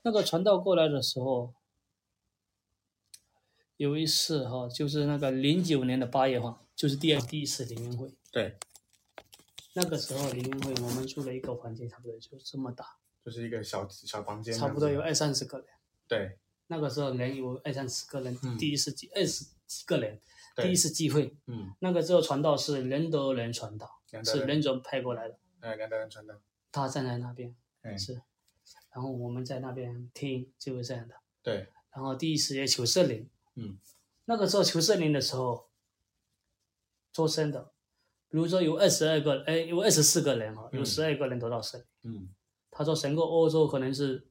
那個傳道過來的時候，有一次哈，就是那個零九年的八月份。就是第二第一次靈運會，對，那個時候靈運會，我們住了一個房間，差不多就這麼大，就是一個小小房間，差不多有二三十個人，對，那個時候能有二三十個人，第一次機、嗯，二十幾個人，第一次機會，嗯，那個時候傳道是人多人傳道，對對是人總派過來的，哎，他站在那邊，是，然後我們在那邊聽，就是這樣的，對，然後第一次也求聖靈，嗯，那個時候求聖靈的時候。捉生的，比如說有二十二個，哎、欸，有二十四個人哈、嗯，有十二個人得到聖靈、嗯。他說整個歐洲可能是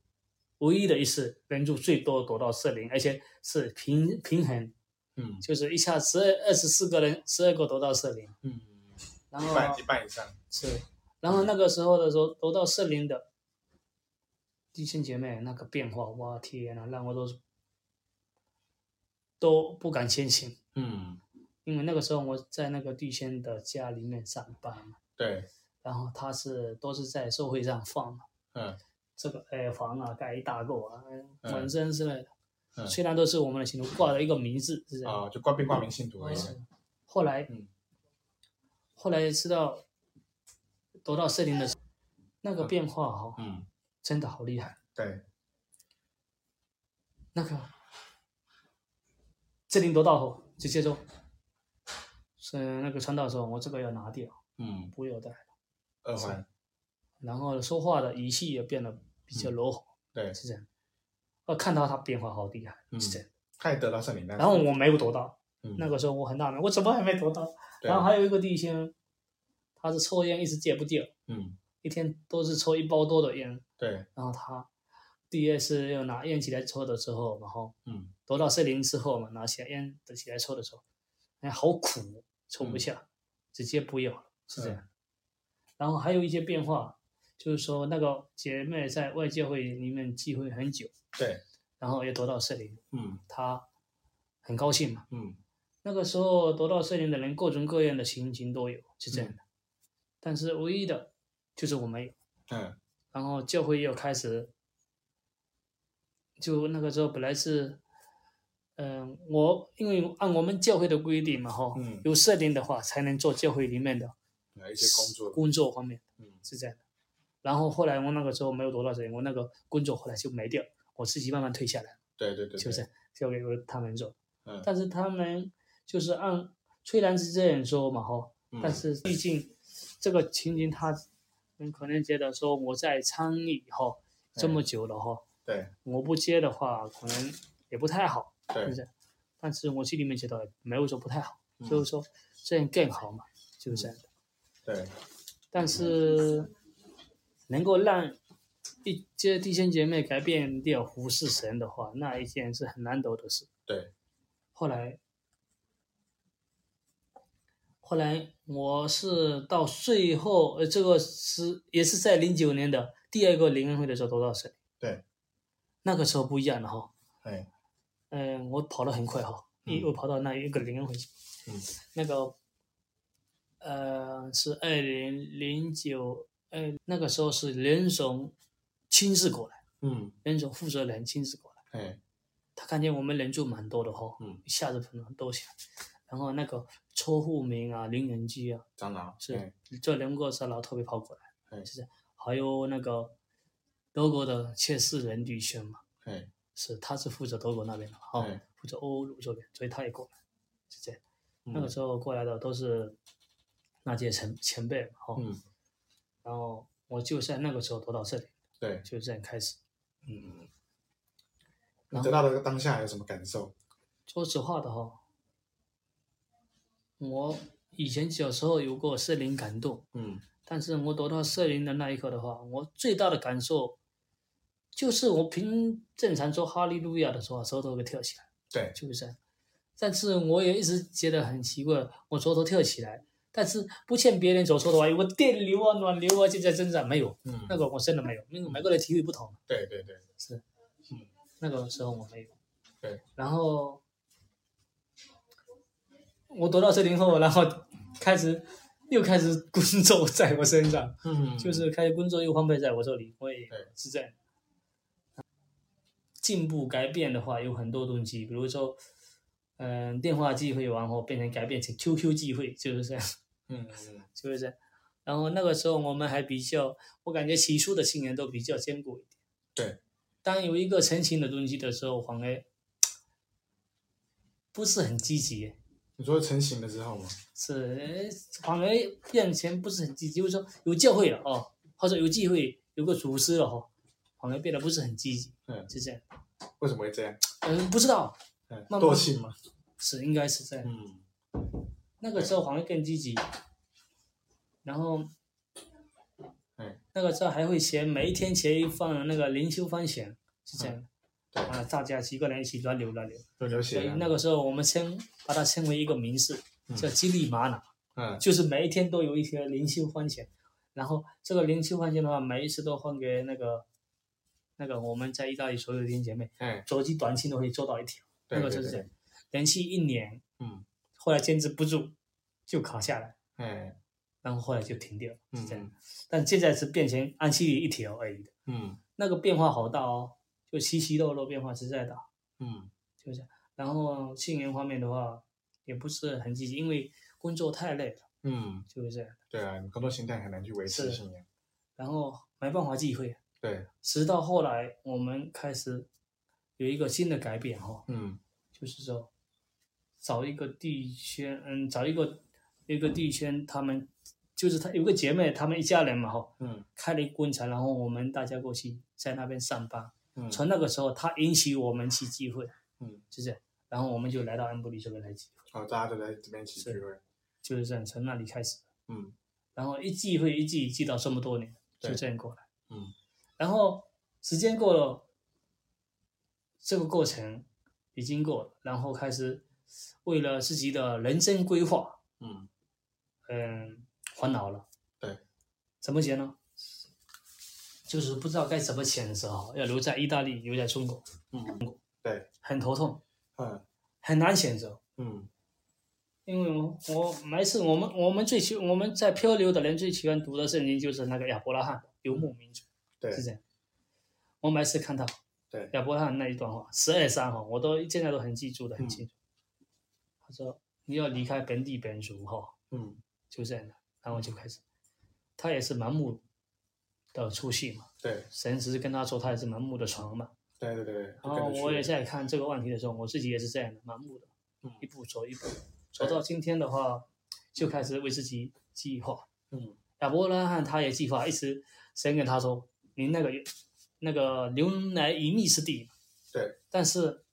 唯一的一次人數最多得到聖靈，而且是平平衡、嗯。就是一下十二二十四個人，十二個得到聖靈。嗯，然後。一半一半以上。是，然後那個時候的時候，得到聖靈的弟兄姐妹那個變化，哇天哪，讓我都都不敢前行。嗯。因為那個時候我在那個地仙的家裡面上班嘛，對，然後他是都是在社會上放嗯，這個耳環啊蓋一大個啊、嗯，反正之類的，嗯，雖然都是我們的信徒掛了一個名字，嗯、是這樣，哦、冠冠冠興興啊，就掛名掛名信徒，後來、嗯，後來知道得到聖靈的時候、嗯，那個變化哈、哦，嗯，真的好厲害，對，那個聖靈得到後，直接說。嗯，那個傳道說，我這個要拿掉，嗯，不要戴了。耳環，然後說話的語氣也變得比較柔和，嗯，對，是這樣。我看到他變化好厲害，嗯，是這樣。他也得到聖靈，然後我沒有得到，那個時候我很納悶，我怎麼還沒得到、嗯？然後還有一個弟兄，他是抽菸一直戒不掉，嗯，一天都是抽一包多的菸，嗯、對。然後他，第一次又拿菸起來抽的時候，然後，嗯，得到聖靈之後嘛，拿起來菸拿起來抽的時候，哎，好苦。沖不下、嗯，直接不要了，是這樣、嗯。然後還有一些變化，就是說那個姐妹在外教會裡面聚會很久，對，然後又得到聖靈，嗯，她很高興嘛，嗯，那個時候得到聖靈的人各種各樣的心情都有，是這樣的。嗯、但是唯一的，就是我沒有，嗯，然後教會又開始，就那個時候本來是。嗯、呃，我因為按我們教會的規定嘛，哈、嗯，有設定的話才能做教會裡面的、啊，還一些工作工作方面，嗯，是這樣的。然後後來我那個時候沒有多少時間，我那個工作後來就沒掉，我自己慢慢退下來。對對對，對。就是交給他們做、嗯，但是他們就是按雖然是這樣說嘛，哈、嗯，但是畢竟這個情景，他們可能覺得說我在參與以後、嗯，這麼久了哈、哎，對，我不接的話，可能也不太好。不但是我心裡面覺得沒有說不太好，就、嗯、是說這樣更好嘛、嗯，就是這樣的。對。但是，能夠讓一些弟兄姐妹改變掉服侍神的話，那一件是很難得的事。對。後來，後來我是到最後，呃，這個是也是在零九年的第二個靈恩會的時候得到神。對。那個時候不一樣了哈。對嗯、呃，我跑得很快哈，一路跑到那一個零回去，嗯、那個，呃，是二零零九，哎，那個時候是任總親自過來，任、嗯、總負責人親自過來、嗯，他看見我們人就蠻多的哈，一下子人很多起來，然後那個車戶名啊、零人機啊，蟑螂，是、嗯、這兩個蟑老特別跑過來，嗯就是的，還有那個德國的切斯人女生嘛。嗯嗯嗯嗯是，他是負責德國那邊的哈，負責歐洲這邊，所以他也過來，是這樣。嗯、那個時候過來的都是那些前前輩嘛哈、嗯，然後我就在那個時候得到聖靈，對，就這樣開始。嗯嗯嗯。那在當下有什麼感受？說實話的哈、哦，我以前小時候有過聖靈感動，嗯，但是我得到聖靈的那一刻的話，我最大的感受。就是我平正常做哈利路亞的時候，舌頭會跳起來，對，就是這樣。但是我也一直覺得很奇怪，我舌頭跳起來，但是不欠別人走搓的話，我電流啊、暖流啊，就在身上沒有。嗯，那個我真的沒有，那個每個人體會不同。嗯、對對對，是。嗯，那個時候我沒有。對，然後我躲到這裡後，然後開始又開始工作，在我身上，嗯，就是開始工作又分配在我這裡，我也，是這樣。進步改變的話有很多東西，比如說，嗯、呃，電話聚會然後變成改變成 Q Q 聚會，就是這樣，嗯,嗯就是這樣，然後那個時候我們還比較，我感覺起初的信念都比較堅固一點。對。當有一個成型的東西的時候，反而，不是很積極。你說成型的時候嗎？是，反而變成不是很積極。就是說有教會了哦，或者有機會有個組織了哦，反而變得不是很積極。嗯。就這樣。為什麼會這樣？嗯，不知道。惰性嘛，是應該是這樣，嗯，那個時候好像更積極，然後，嗯、那個時候還會寫，每一天寫一份那個靈修分享是這樣，嗯，對，啊，大家幾個人一起輪流輪流。對，那個時候我們稱把它稱為一個名詞，叫“金利瑪瑙”，嗯，就是每一天都有一些靈修分享，嗯，然後這個靈修分享的話，每一次都分給那個。那個我們在意大利所有的弟兄姐妹，嗯、哎，周期短期都可以做到一條對對對，那個就是這樣，連續一年，嗯，後來堅持不住，就卡下來，嗯、哎，然後後來就停掉，是這樣。嗯、但現在是變成安息日一條而已。嗯，那個變化好大哦，就稀稀落落變化實在大，嗯，就這樣。然後信仰方面的話，也不是很積極，因為工作太累了，嗯，就是這樣。對啊，你工作心態很難去維持，是是，然後沒辦法聚會。對，直到後來我們開始有一個新的改變，哈，嗯，就是說找一個地圈，嗯，找一個一個地圈，他們就是他有個姐妹，他們一家人嘛，哈，嗯，開了一工廠，然後我們大家過去在那邊上班，嗯，從那個時候他允許我們去聚會，嗯，就這樣，然後我們就來到恩波裡這邊來聚會，哦，大家都來這邊去聚會，是，就是這樣，從那裡開始，嗯，然後一聚會一聚聚到這麼多年，就這樣過來，嗯。然後時間過了，這個過程已經過了，然後開始為了自己的人生規劃，嗯，嗯，煩惱了。對，怎麼選呢？就是不知道該怎麼選擇，要留在意大利，留在中國，嗯，對，很頭痛，嗯，很難選擇，嗯，因為我我每次我們我們最喜我們在漂流的人最喜歡讀的聖經就是那個亞伯拉罕遊牧民族。嗯對，是這樣，我每次看到對亞伯拉罕那一段話，十二三哈，我都現在都很記住的很清楚，嗯。他說：“你要離開本地本族哈。”嗯，就這樣的，然後就開始，嗯、他也是盲目的出去嘛。對。神只是跟他說，他也是盲目的闖嘛。對對對。然後我也在看這個問題的時候，我自己也是這樣的，盲目的，嗯、一步走一步，走到今天的話，嗯，就開始為自己計劃。嗯。亞伯拉罕，罕他也計劃，一直神跟他說。你那個，那個牛奶與蜜之地，對，但是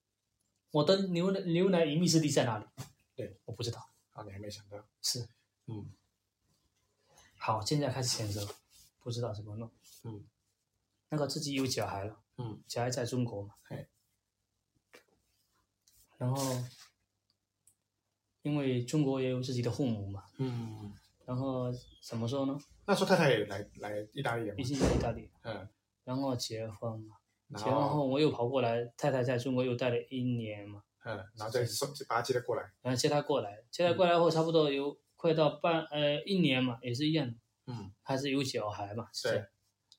我的牛奶牛奶與蜜之地在哪裡？對，我不知道。啊，你還沒想到？是，嗯。好，現在開始選擇。不知道怎麼弄。嗯。那個自己有小孩了。嗯。小孩在中國嘛？哎。然後，因為中國也有自己的父母嘛。嗯，嗯，嗯。然後什麼時候呢？那時候太太也來來意大利嘛。已經在意大利。嗯。然後結婚嘛，然，結婚後我又跑過來，太太在中國又待了一年嘛。嗯，就然後再把她接的過來。然後接她過來，接她過來後差不多有快到半、嗯、呃一年嘛，也是一樣。嗯。還是有小孩嘛。嗯、這樣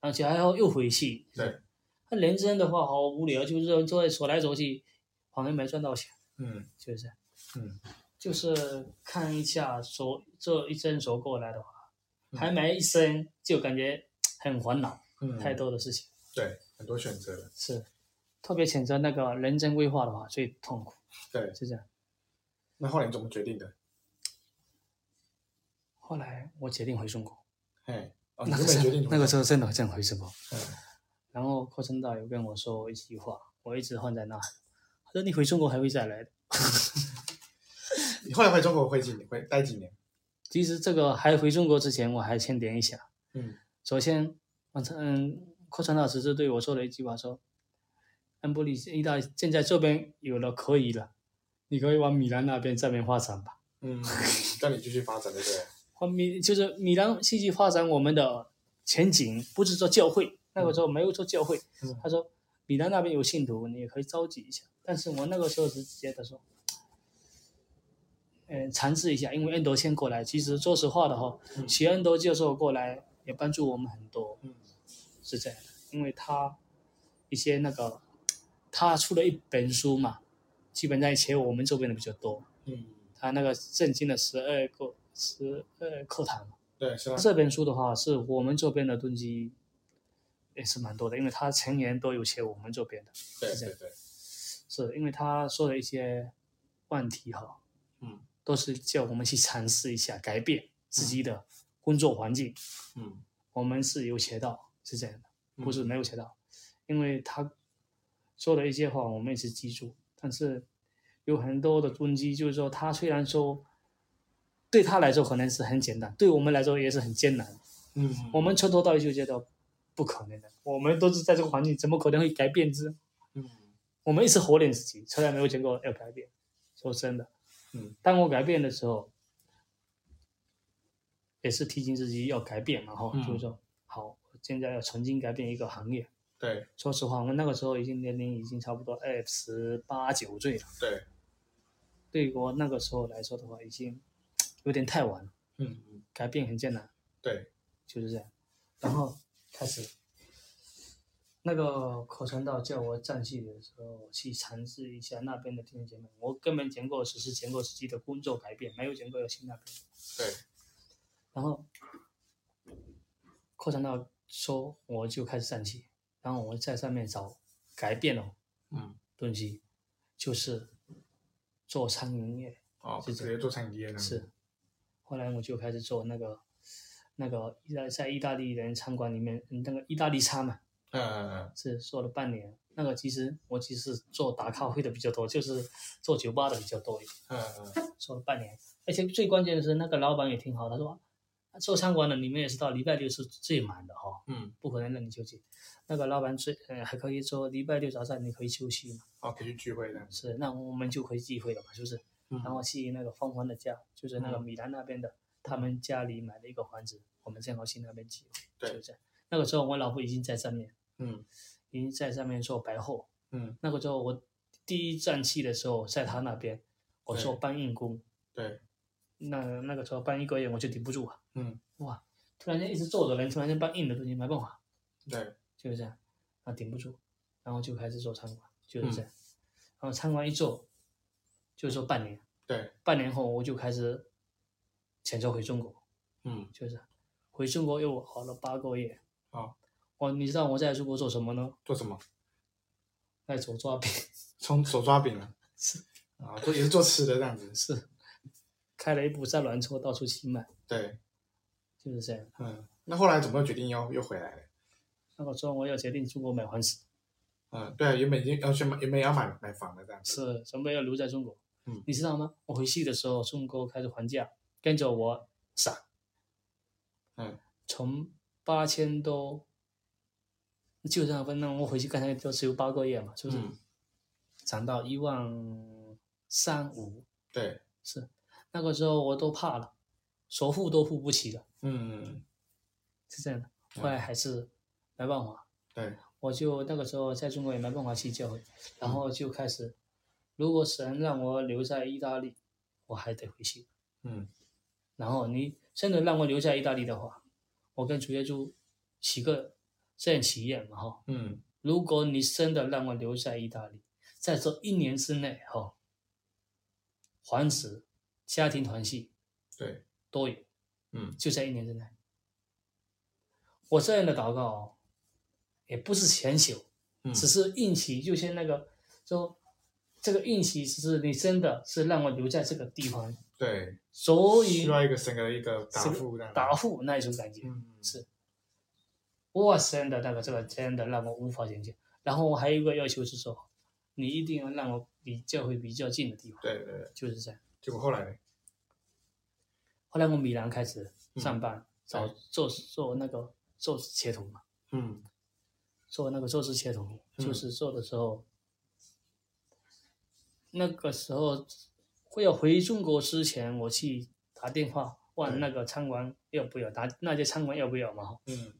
然後小孩後又回去。是，那人生的話好無聊，就是坐在走來走去，好像沒賺到錢。嗯，就是這樣。嗯。就是看一下，手這一陣子過來的話、嗯，還沒一生就感覺很煩惱、嗯，太多的事情。對，很多選擇。是，特別選擇那個人生規劃的話，最痛苦。對，是這樣。那後來你怎麼決定的？後來我決定回中國。那個、哦、決,決,決定。那個時候真的想回中國。嘿嘿然後郭正道又跟我說一句話，我一直放在那兒，他說：“你回中國還會再來的。 ”你會不回中國會幾年？會待幾年？其實這個還回中國之前，我還先點一下。嗯。首先，嗯，擴展老師就對我說了一句話，說：“恩波里到現在這邊有了可以了，你可以往米蘭那邊這邊發展吧。”嗯。那你繼續發展對不對？米 就是米蘭繼續發展我們的前景，不是說教會那個時候沒有做教會。嗯、他說米蘭那邊有信徒，你也可以召集一下。但是我那個時,時候是直接他說。嗯，嘗試一下，因為恩德先過來，其實說實話的哈，許、嗯、恩德教授過來也幫助我們很多，嗯，是這樣的，因為他一些那個，他出了一本書嘛，基本上寫我們這邊的比較多，嗯，他那個聖經的十二個十二課堂嘛，對，是吧？這本書的話是我們這邊的東西，也是蠻多的，因為他成年都有寫我們這邊的，對的對對，對，是因為他說的一些問題哈，嗯。都是叫我們去嘗試一下改變自己的工作環境。嗯，我們是有學到，是這樣的，不是沒有學到，嗯。因為他說的一些話，我們也是記住。但是有很多的動機，就是說他雖然說對他來說可能是很簡單，對我們來說也是很艱難。嗯，我們從頭到尾就覺得不可能的。我們都是在這個環境，怎麼可能會改變之？嗯，我們一直否定自己，從來沒有想過要改變。說真的。嗯，當我改變的時候，也是提醒自己要改變，然後、嗯、就是說，好，現在要重新改變一個行業。對，說實話，我們那個時候已經年齡已經差不多二十八九歲了。對，對我那個時候來說的話，已經有點太晚了。嗯嗯。改變很艱難。對、嗯，就是這樣。然後開始。 那個口傳道，叫我站起的時候，我去嘗試一下那邊的天氣嘛。我根本講過，只是講過自己的工作改變，沒有講過有新那邊。對。然後，口傳道說我就開始站起，然後我在上面找改變了，嗯，東西就是做餐飲業。哦，直接做餐飲業了。是，後來我就開始做那個那個意大，在意大利人餐館裡面，那個意大利餐嘛。嗯嗯嗯，是做了半年，那個其實我其實做打咖啡的比較多，就是做酒吧的比較多一點，嗯嗯，做了半年，而且最關鍵的是那個老闆也挺好，他說，做餐館的你們也知道，禮拜六是最滿的哈、哦。嗯。不可能讓你休息，那個老闆最呃還可以說禮拜六早上你可以休息嘛。哦、uh，可以聚會的。是，那我們就可以聚會了嘛，就是不是、嗯？然後去那個鳳凰的家，就是那個米蘭那邊的，嗯、他們家裡買了一個房子，我們正好去那邊聚會，是不是？那個時候我老婆已經在上面。嗯，已經在上面做白貨，嗯，那個時候我第一站去的時候在他那邊，我做搬運工，對，對，那那個時候搬一個月我就頂不住啊，嗯，哇，突然間一直坐着人，突然間搬運的東西沒辦法，對，就是這樣，啊頂不住，然後就開始做餐館，就是這樣，嗯、然後餐館一做，就是做半年，對，半年後我就開始，遣送回中國，嗯，就是，回中國又熬了八個月，啊、哦。我、哦、你知道我在中國做什麼呢？做什麼？賣手抓餅。從手抓餅啊？ 是啊、哦，做也是做吃的這樣子，是開了一部三輪車到處去賣。對，就是這樣。嗯，那後來怎麼決定要又回來了？那個時候我要決定中國買房子。嗯，對、啊，也買進，而且買也也要買買房的這樣子。是準備要留在中國。嗯。你知道嗎？我回去的時候，中國開始還價，跟着我漲。嗯。從八千多。就這樣分，那我回去剛才就只有八個月嘛，就是不是？漲到一萬三五，嗯。對。是，那個時候我都怕了，首付都付不起了。嗯。是這樣的，後來還是沒辦法，嗯。對。我就那個時候在中國也沒辦法去教會，然後就開始，如果神讓我留在意大利，我還得回去。嗯。然後你真的讓我留在意大利的話，我跟主耶穌起個。這樣企業嘛哈，嗯，如果你真的讓我留在意大利，嗯、在這一年之內哈，房子、家庭團聚，對，都有，嗯，就在一年之內，我這樣的禱告，也不是強求、嗯，只是運氣，就像那個說，這個運氣只是你真的是讓我留在這個地方，對，所以需要一個一個答覆，答覆那一種感覺，嗯、是。哇塞！的那個這個真的讓我無法想象。然後我還有一個要求是說，你一定要讓我離教會比較近的地方。對對，就是這樣。結果後來，後來我米蘭開始上班，找做做那個做協同嘛。嗯。做那個做事切同，就是做的時候，那個時候，快要回中國之前，我去打電話問那個餐館要不要，打那些餐館要不要嘛。嗯。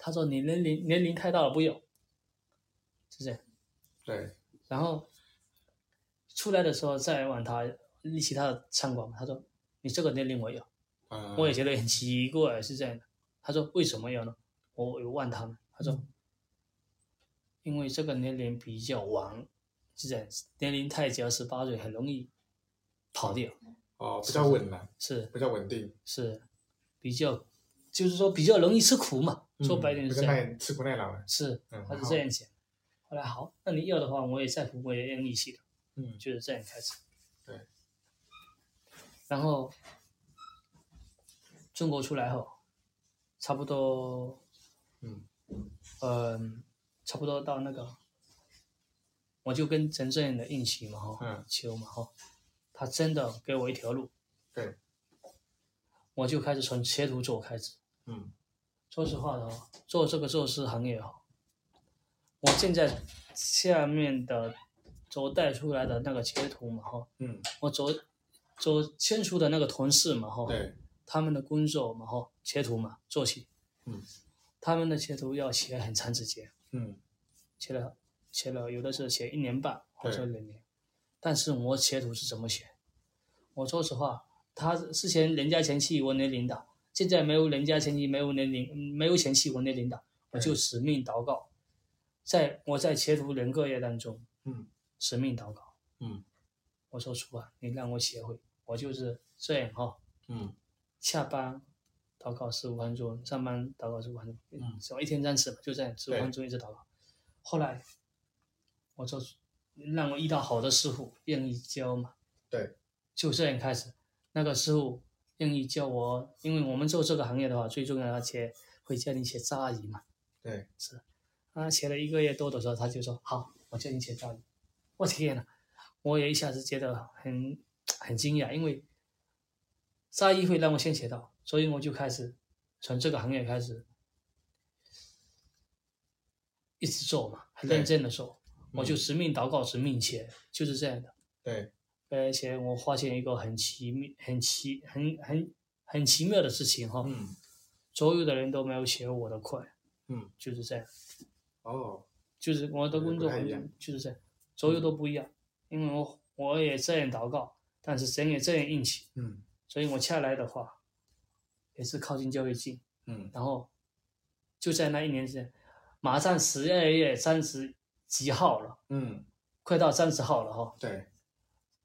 他說：“你年齡年齡太大了，不要，是這樣。”“對。”然後出來的時候再問他其他的餐館，他說：“你這個年齡我有。”“嗯。”我也覺得很奇怪，是這樣。他說：“為什麼要呢？”我問他們，他說、嗯：“因為這個年齡比較晚，是這樣。年齡太小，十八歲很容易跑掉。哦”“哦，比較穩了，是，是。是”“比較穩定。是”“是，比較就是說比較容易吃苦嘛。”說白點是，、嗯不是太，吃苦耐勞是，他、嗯、是這樣講。後、嗯、來好，那你要的話，我也在乎，我也願意去的。嗯，就是這樣開始。嗯、對。然後中國出來後，差不多，嗯，呃、差不多到那個，我就跟真正的運氣嘛，哈、嗯，球嘛，哈，他真的給我一條路。對。我就開始從學徒做開始。嗯。說實話的，做這個做事行業好。我現在下面的，走帶出來的那個截圖嘛哈，嗯，我昨昨簽署的那個同事嘛哈，對、嗯，他們的工作嘛哈、哦，截圖嘛，做起，嗯，他們的截圖要寫很長時間，嗯，寫了寫了有的是寫一年半、嗯、或者兩年、嗯，但是我截圖是怎麼寫？我說實話，他之前人家前期我那領導。現在沒有人家前期沒有人領，沒有前期我那領導，我就死命禱告，在我在前途兩個月當中，嗯，死命禱告，嗯，我說主啊，你讓我學會，我就是這樣哈、哦，嗯，下班禱告十五分鐘，上班禱告十五分鐘，嗯，只一天三次吧，就這樣十五分鐘一直禱告，後來我說讓我遇到好的師傅願意教嘛，對，就這樣開始，那個師傅。願意教我，因為我們做這個行業的話，最重要而且會教你寫扎魚嘛。對，是。啊，寫了一個月多的時候，他就說：“好，我教你寫扎魚。”我天吶、啊，我也一下子覺得很很驚訝，因為扎魚會讓我先寫到，所以我就開始從這個行業開始一直做嘛，很認真的做。我就使命禱告，使命寫，就是這樣的。對。而且我發現一個很奇妙、很奇、很很很奇妙的事情哈，嗯，所有的人都沒有學我的快，嗯，就是這樣，哦，就是我的工作環境就是這樣，所有都不一樣，嗯、因為我我也這樣禱告，但是神也這樣應許，嗯，所以我下來的話也是靠近教會近，嗯，然後就在那一年是馬上十二月三十幾號了，嗯，快到三十號了哈，對。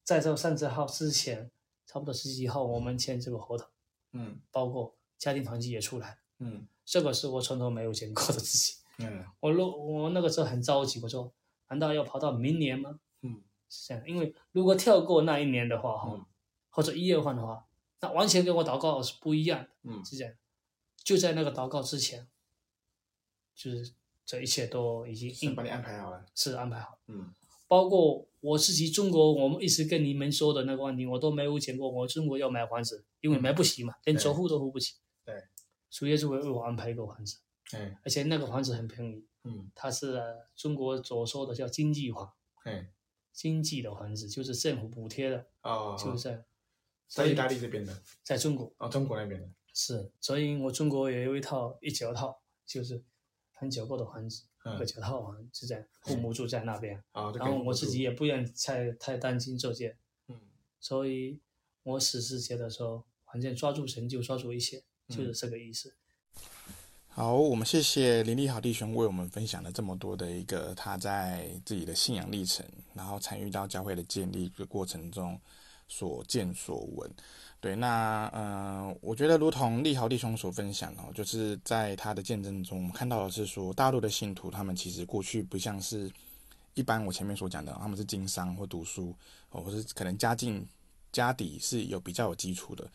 在這三十號之前，差不多十幾號，我們簽這個合同，嗯，包括家庭團聚也出來，嗯，這個是我從頭沒有見過的事情，嗯，我若我那個時候很着急，我說難道要跑到明年嗎？嗯，是這樣，因為如果跳過那一年的話，哈、嗯，或者一月份的話，那完全跟我禱告是不一樣的，嗯，是這樣，就在那個禱告之前，就是這一切都已經硬，已把你安排好了，是安排好，嗯。包括我自己，中國我們一直跟你們說的那個問題，我都沒有想過，我中國要買房子，因為買不起嘛，連首付都付不起。對，所以就為為我安排一個房子。而且那個房子很便宜。嗯，它是中國所說的叫經濟房。經濟的房子就是政府補貼的。哦。就是在、哦，在意大利這邊的。在中國。啊、哦，中國那邊的。是，所以我中國也有一套一九套，就是很九夠的房子。我覺得好是在父母住在那邊、嗯，然後我自己也不願太太擔心這些、嗯，所以，我死死的時時覺得說，反正抓住神就抓住一切，就是這個意思、嗯。好，我們謝謝林立豪弟兄為我們分享了這麼多的一個他在自己的信仰歷程，然後參與到教會的建立的過程中所見所聞。對，那嗯、呃，我覺得如同立豪弟兄所分享哦，就是在他的見證中，我們看到的是說，大陸的信徒他們其實過去不像是，一般我前面所講的，他們是經商或讀書，哦，或是可能家境、家底是有比較有基礎的，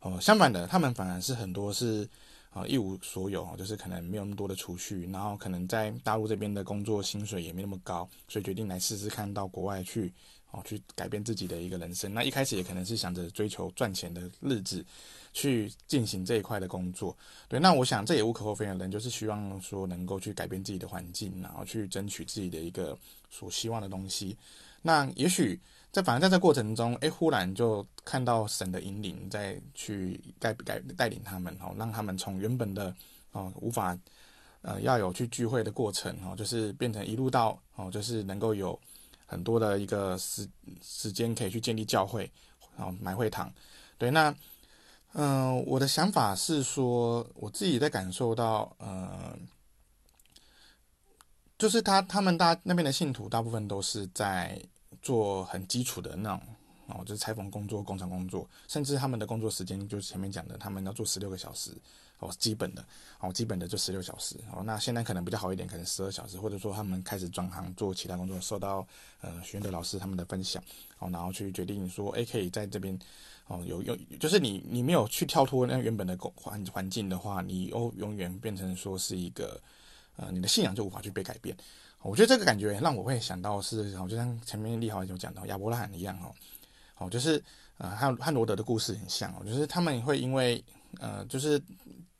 哦，相反的，他們反而是很多是啊一無所有，就是可能沒有那麼多的儲蓄，然後可能在大陸這邊的工作薪水也沒那麼高，所以決定來試試看到國外去。哦，去改變自己的一個人生。那一開始也可能是想着追求賺錢的日子，去進行這一塊的工作。對，那我想這也無可厚非。人就是希望說能夠去改變自己的環境，然後去爭取自己的一個所希望的東西。那也許在反而在這過程中，哎、欸，忽然就看到神的引領，在去帶帶帶領他們哦，讓他們從原本的哦無法呃要有去聚會的過程哦，就是變成一路到哦，就是能夠有。很多的一個時時間可以去建立教會，然後買會堂。對，那嗯，呃，我的想法是說，我自己在感受到，呃，就是他他們大那邊的信徒大部分都是在做很基礎的那種，哦，就是裁縫工作、工程工作，甚至他們的工作時間，就是前面講的，他們要做十六個小時。哦，基本的，哦，基本的就十六小時，哦，那現在可能比較好一點，可能十二小時，或者說他們開始轉行做其他工作，受到呃學院的老師他們的分享，哦，然後去決定說，誒、欸，可以在這邊，哦，有用，就是你你沒有去跳脫那原本的環環境的話，你哦永遠變成說是一個，呃，你的信仰就無法去被改變。哦、我覺得這個感覺讓我會想到是，哦，就像前面立豪有講到亞伯拉罕一樣，哦，哦，就是呃，和漢羅德的故事很像，哦，就是他們會因為呃，就是。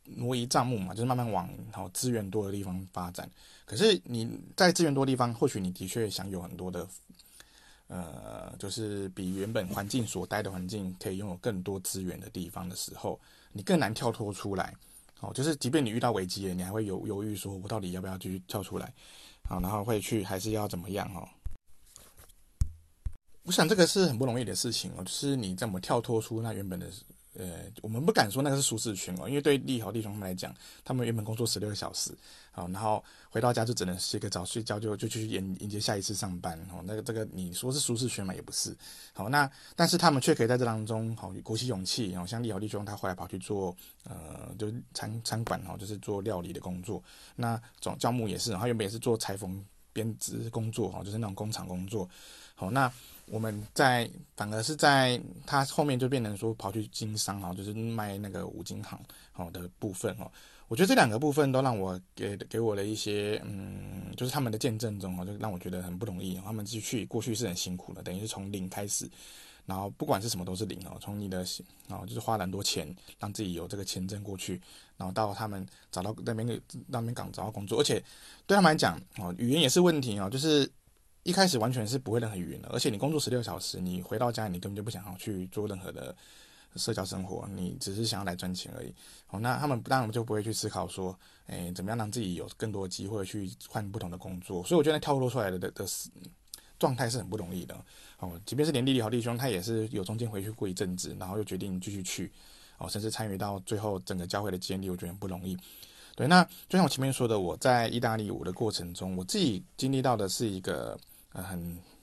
挪移賬目嘛，就是慢慢往好、哦、資源多的地方發展。可是你在資源多的地方，或許你的確想有很多的，呃，就是比原本環境所待的環境可以擁有更多資源的地方的時候，你更難跳脫出來。哦，就是即便你遇到危機了，你還會猶猶豫說，我到底要不要繼續跳出來？啊、哦，然後會去還是要怎麼樣？哦，我想這個是很不容易的事情哦，就是你怎麼跳脫出那原本的。呃，我們不敢說那個是舒適圈哦，因為對立豪弟兄們來講，他們原本工作十六個小時，好，然後回到家就只能洗個澡睡覺就，就就去迎迎接下一次上班哦。那個這個你說是舒適圈嘛？也不是。好，那但是他們卻可以在這當中，好鼓起勇氣，然、哦、後像立豪弟兄他後來跑去做，呃，就餐餐館哦，就是做料理的工作。那總教母也是，他原本也是做裁縫編織工作哦，就是那種工廠工作。好，那。我們在反而是在他後面就變成說跑去經商哦，就是賣那個五金行哦的部分哦。我覺得這兩個部分都讓我給給我的一些嗯，就是他們的見證中哦，就讓我覺得很不容易。他們自己去過去是很辛苦的，等於是從零開始，然後不管是什麼都是零哦，從你的哦就是花很多錢讓自己有這個簽證過去，然後到他們找到那邊個那邊港找到工作，而且對他們來講哦，語言也是問題哦，就是。一開始完全是不會任何語言的，而且你工作十六小時，你回到家你根本就不想要去做任何的社交生活，你只是想要來賺錢而已。哦，那他們當然就不會去思考說，誒、欸，怎麼樣讓自己有更多的機會去換不同的工作？所以我覺得跳脫出來的的狀態是很不容易的。哦，即便是立豪弟兄，他也是有中間回去過一陣子，然後又決定繼續去，哦，甚至參與到最後整個教會的建立，我覺得很不容易。對，那就像我前面說的，我在意大利舞的過程中，我自己經歷到的是一個。呃，很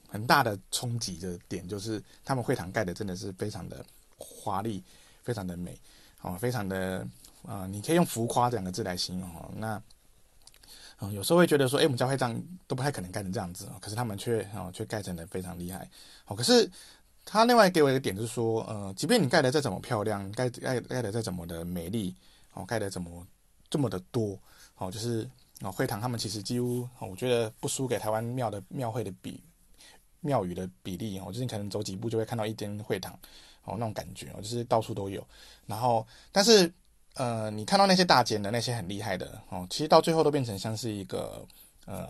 很大的衝擊的點就是，他們會堂蓋的真的是非常的華麗，非常的美，哦，非常的，啊、呃，你可以用浮誇這兩個字來形容。哦、那，嗯、呃，有時候會覺得說，哎、欸，我們教會這樣都不太可能蓋成這樣子，哦、可是他們卻，啊卻蓋成的非常厲害。好、哦，可是他另外給我一個點就是說，呃，即便你蓋的再怎麼漂亮，蓋蓋蓋的再怎麼的美麗，哦，蓋的怎麼這麼的多，哦，就是。哦，會堂他們其實幾乎，我覺得不輸給台灣廟的廟會的比廟宇的比例哦，就是你可能走幾步就會看到一間會堂哦，那種感覺哦，就是到處都有。然後，但是呃，你看到那些大間的那些很厲害的哦，其實到最後都變成像是一個呃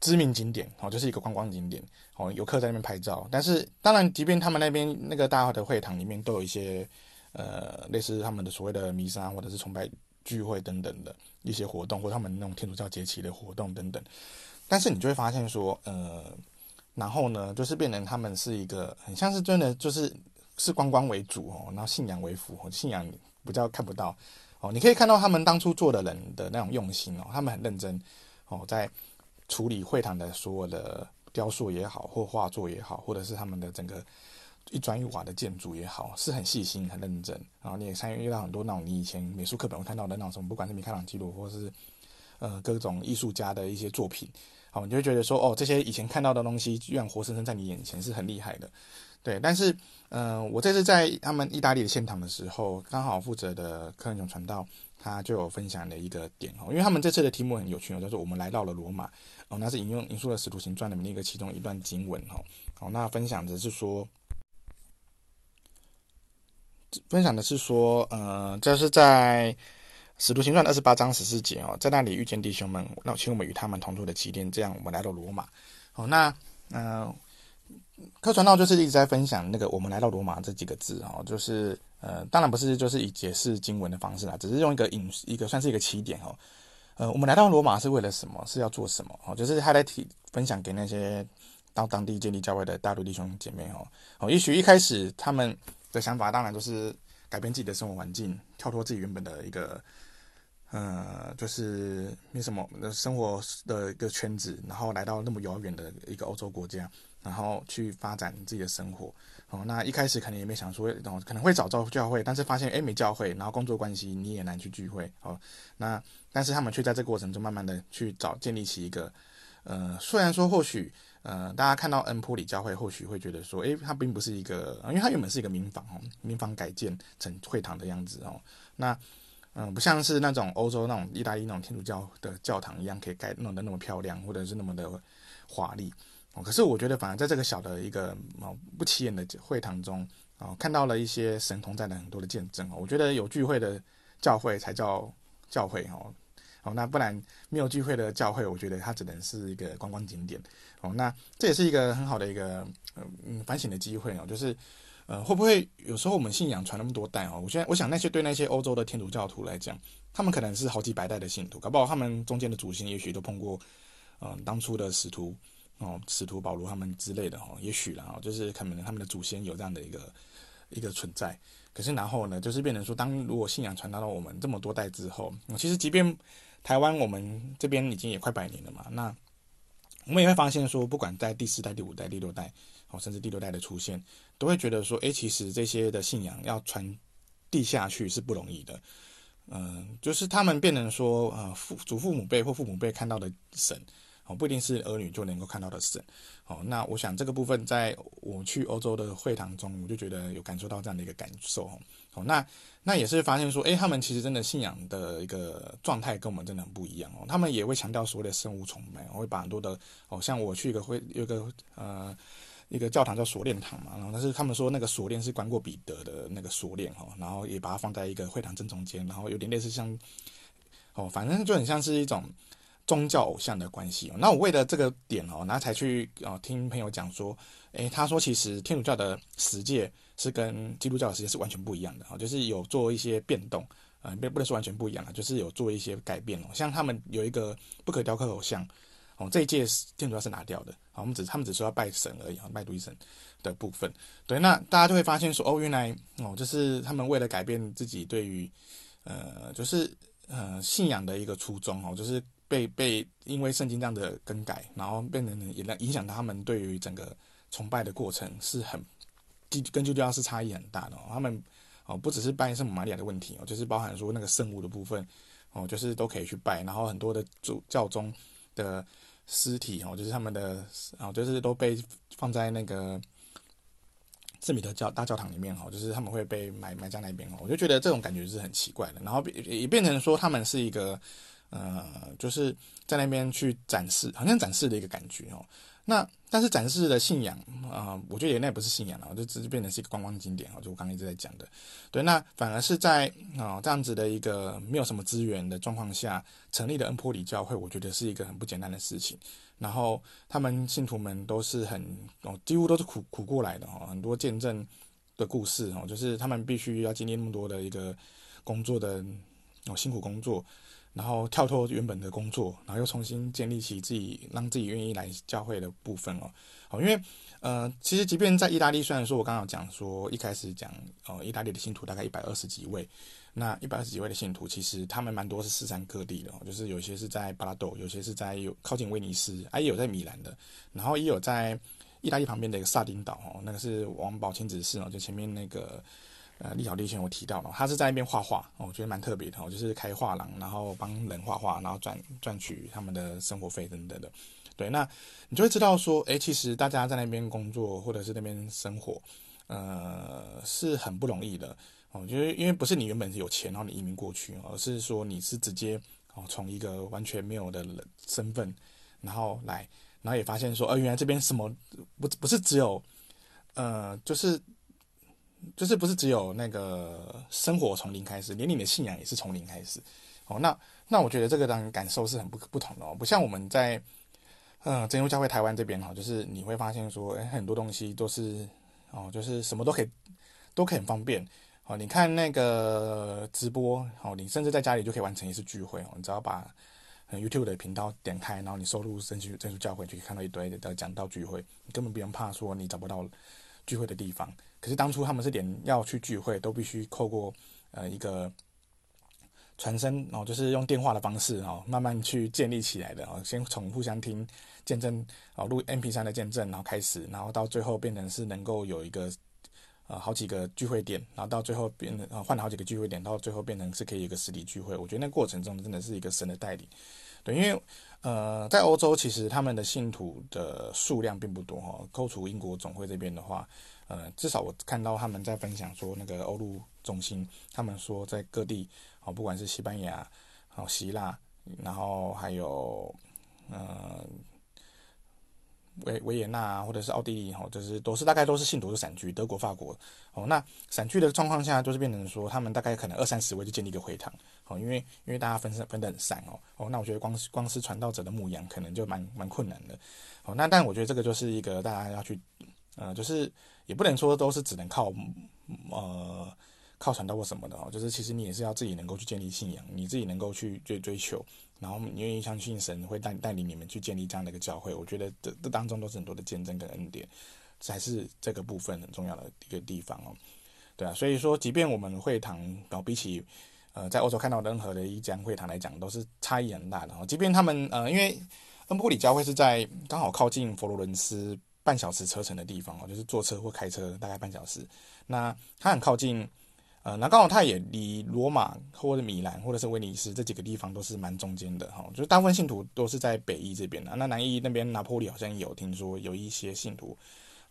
知名景點哦，就是一個觀光景點哦，遊客在那邊拍照。但是當然，即便他們那邊那個大的會堂裡面都有一些呃類似他們的所謂的彌撒或者是崇拜。聚會等等的一些活動，或他們那種天主教節期的活動等等，但是你就會發現說，呃，然後呢，就是變成他們是一個很像是真的，就是是觀光為主哦，然後信仰為輔，信仰比較看不到哦，你可以看到他們當初做的人的那種用心哦，他們很認真哦，在處理會堂的所有的雕塑也好，或畫作也好，或者是他們的整個。一磚一瓦的建築也好，是很細心、很認真。然後你也參與到很多那種你以前美術課本會看到的那種什麼，不管是米開朗基羅，或是呃各種藝術家的一些作品，好，你就會覺得說，哦，這些以前看到的東西居然活生生在你眼前，是很厲害的。對，但是，嗯、呃，我這次在他們意大利的現場的時候，剛好負責的課程傳道他就有分享的一個點哦，因為他們這次的題目很有趣哦，叫、就、做、是、我們來到了羅馬哦，那是引用引述了《使徒行傳》裡面一個其中一段經文哦，哦，那分享的是說。分享的是說，呃，這、就是在《使徒行傳》二十八章十四節哦，在那裡遇見弟兄們，那請我們與他們同住的起點，這樣我們來到羅馬。好，那，呃，柯傳道就是一直在分享那個“我們來到羅馬”這幾個字哦，就是，呃，當然不是就是以解釋經文的方式啦，只是用一個引一個算是一個起點哦。呃，我們來到羅馬是為了什麼？是要做什麼？哦，就是他來提分享給那些到當地建立教會的大陸弟兄姐妹哦。哦，也許一開始他們。的想法當然就是改變自己的生活環境，跳脫自己原本的一個呃，就是沒什麼的生活的一個圈子，然後來到那麼遙遠的一個歐洲國家，然後去發展自己的生活。哦，那一開始可能也沒想說，然後可能會找找教會，但是發現誒、欸，沒教會，然後工作關係你也難去聚會。哦，那但是他們卻在這過程中慢慢的去找建立起一個，呃，雖然說或許。呃，大家看到恩波里教會，或許會覺得說，誒，它並不是一個，呃、因為它原本是一個民房哦，民房改建成會堂的樣子哦。那，嗯、呃，不像是那種歐洲那種意大利那種天主教的教堂一樣，可以改弄得那麼漂亮，或者是那麼的華麗哦。可是我覺得，反而在這個小的一個、哦、不起眼的會堂中啊、哦，看到了一些神同在的很多的見證哦。我覺得有聚會的教會才叫教會哦。好、哦，那不然沒有聚會的教會，我覺得它只能是一個觀光景點。哦，那這也是一個很好的一個嗯反省的機會哦，就是呃會不會有時候我們信仰傳那麼多代哦？我現在我想那些對那些歐洲的天主教徒來講，他們可能是好幾百代的信徒，搞不好他們中間的祖先也許都碰過嗯、呃、當初的使徒哦，使徒保羅他們之類的哦，也許啦哦，就是可能他們的祖先有這樣的一個一個存在。可是然後呢，就是變成說，當如果信仰傳達到我們這麼多代之後，其實即便。台灣我們這邊已經也快百年了嘛，那我們也會發現說，不管在第四代、第五代、第六代，哦，甚至第六代的出現，都會覺得說，哎、欸，其實這些的信仰要傳遞下去是不容易的。嗯、呃，就是他們變成說，呃，父祖父母輩或父母輩看到的神。哦，不一定是兒女就能夠看到的事，哦，那我想這個部分在我去歐洲的會堂中，我就覺得有感受到這樣的一個感受哦，那那也是發現說，誒，他們其實真的信仰的一個狀態跟我們真的很不一樣哦，他們也會強調所謂的聖物崇拜，會把很多的哦，像我去一個會有個呃一個教堂叫鎖鏈堂嘛，然後但是他們說那個鎖鏈是關過彼得的那個鎖鏈哈，哦，然後也把它放在一個會堂正中間，然後有點類似像哦，反正就很像是一種。宗教偶像的關係哦，那我為了這個點哦，那才去哦聽朋友講說，誒、欸，他說其實天主教的十誡是跟基督教的十誡是完全不一樣的哦，就是有做一些變動啊，不、呃、不能說完全不一樣啊，就是有做一些改變哦。像他們有一個不可雕刻偶像哦，這一誡天主教是拿掉的啊，我們只他們只是說要拜神而已，拜獨一神的部分。對，那大家就會發現說，哦，原來哦、呃，就是他們為了改變自己對於呃，就是呃信仰的一個初衷哦、呃，就是。被被因為聖經這樣的更改，然後變成也能影響他們對於整個崇拜的過程是很基跟基督教是差異很大的。他們哦不只是拜聖母瑪利亞的問題哦，就是包含說那個聖物的部分哦，就是都可以去拜。然後很多的主教宗的屍體哦，就是他們的啊就是都被放在那個聖彼得教大教堂裡面哦，就是他們會被埋埋在那邊哦。我就覺得這種感覺是很奇怪的。然後也，也變成說他們是一個。呃，就是在那邊去展示，好像展示的一個感覺哦。那但是展示的信仰啊，呃，我覺得也那也不是信仰了，就只是變成是一個觀光景點哦，就我剛剛一直在講的，對。那反而是在哦這樣子的一個沒有什麼資源的狀況下成立的恩波里教會，我覺得是一個很不簡單的事情。然後他們信徒們都是很哦，幾乎都是苦苦過來的哦，很多見證的故事哦，就是他們必須要經歷那麼多的一個工作的哦，辛苦工作。然後跳脫原本的工作，然後又重新建立起自己讓自己願意來教會的部分哦。好，因為呃，其實即便在意大利，雖然說我剛剛有講說一開始講哦、呃，意大利的信徒大概一百二十幾位，那一百二十幾位的信徒，其實他們蠻多是四散各地的、哦，就是有些是在巴拉多，有些是在有靠近威尼斯，還、啊、有在米蘭的，然後也有在意大利旁邊的一個撒丁島哦，那個是王寶清指示哦，就前面那個。呃，立豪弟兄之前我提到了，他是在那邊畫畫，我覺得蠻特別的，就是開畫廊，然後幫人畫畫，然後賺賺取他們的生活費等等的。對，那你就會知道說，誒、欸，其實大家在那邊工作或者是那邊生活，呃，是很不容易的哦、呃。就是因為不是你原本是有錢然後你移民過去，而是說你是直接哦從、呃、一個完全沒有的人身身份，然後來，然後也發現說，呃，原來這邊什麼不不是只有，呃，就是。就是不是只有那個生活從零開始，連你的信仰也是從零開始。哦，那那我覺得這個當然感受是很不不同的哦，不像我們在嗯、呃、真主教會台灣這邊哈，就是你會發現說，哎，很多東西都是哦，就是什麼都可以，都可以很方便。哦，你看那個直播，哦，你甚至在家裡就可以完成一次聚會。哦，你只要把、嗯、YouTube 的頻道點開，然後你收錄真主真主教會，就可以看到一堆的講道聚會，你根本不用怕說你找不到聚會的地方。可是當初他們是連要去聚會都必須透過呃一個傳聲哦，就是用電話的方式哦，慢慢去建立起來的哦。先從互相聽見證哦，錄 MP3 的見證然後開始，然後到最後變成是能夠有一個呃好幾個聚會點，然後到最後變成啊，換、呃、好幾個聚會點，到最後變成是可以一個實體聚會。我覺得那過程中真的是一個神的帶領。對，因為呃在歐洲其實他們的信徒的數量並不多哈、哦，扣除英國總會這邊的話。呃，至少我看到他們在分享說，那個歐陸中心，他們說在各地，哦，不管是西班牙、哦、希臘，然後還有，嗯維維也納啊，或者是奧地利，哦，就是都是大概都是信徒的散居，德國、法國，哦，那散居的狀況下，就是變成說，他們大概可能二三十位就建立一個會堂，哦，因為因為大家分分得很散，哦，哦，那我覺得光光是傳道者的牧養可能就蠻蠻困難的，哦，那但我覺得這個就是一個大家要去，呃，就是。也不能說都是只能靠呃，靠傳道或什麼的哦、喔，就是其實你也是要自己能夠去建立信仰，你自己能夠去追追求，然後你願意相信神會帶帶領你們去建立這樣的一個教會。我覺得這這當中都是很多的見證跟恩典，才是這個部分很重要的一個地方哦、喔。對啊，所以說即便我們會堂，然後比起呃在歐洲看到任何的一家會堂來講，都是差異很大的哦、喔。即便他們呃，因為恩波里教會是在剛好靠近佛羅倫斯。半小時車程的地方哦，就是坐車或開車大概半小時。那它很靠近，呃，那剛好它也離羅馬或者米蘭或者是威尼斯這幾個地方都是蠻中間的哈。就是大部分信徒都是在北意這邊的。那南意那邊拿坡里好像有聽說有一些信徒，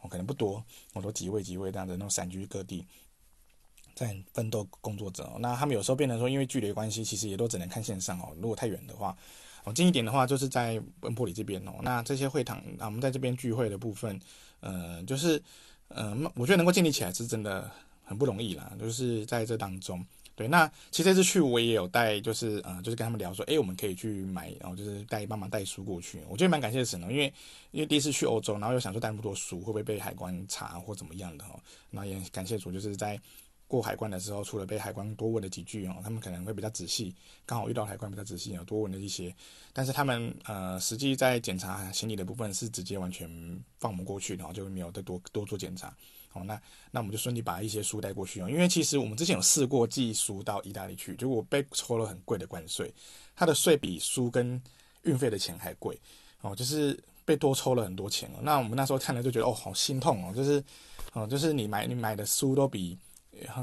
可能不多，我都幾位幾位這樣的那種散居各地，在奮鬥工作者。那他們有時候變成說，因為距離關係，其實也都只能看線上哦。如果太遠的話。哦，近一點的話就是在恩波里這邊哦、喔。那這些會堂，啊，我們在這邊聚會的部分，呃，就是，呃，我覺得能夠建立起來，是真的很不容易啦。就是在這當中，對，那其實這次去我也有帶，就是呃，就是跟他們聊說，哎、欸，我們可以去買，然、喔、後就是帶幫忙帶書過去。我覺得蠻感謝神的，因為因為第一次去歐洲，然後又想說帶那麼多書會不會被海關查或怎麼樣的哦、喔。那也感謝主，就是在。過海關的時候，除了被海關多問了幾句哦，他們可能會比較仔細，剛好遇到海關比較仔細，有多問了一些。但是他們呃，實際在檢查行李的部分是直接完全放我們過去，然後就沒有再多多做檢查。哦。那那我們就順利把一些書帶過去哦。因為其實我們之前有試過寄書到意大利去，結果被抽了很貴的關稅，它的稅比書跟運費的錢還貴哦，就是被多抽了很多錢哦。那我們那時候看了就覺得哦，好心痛哦，就是哦，就是你買你買的書都比。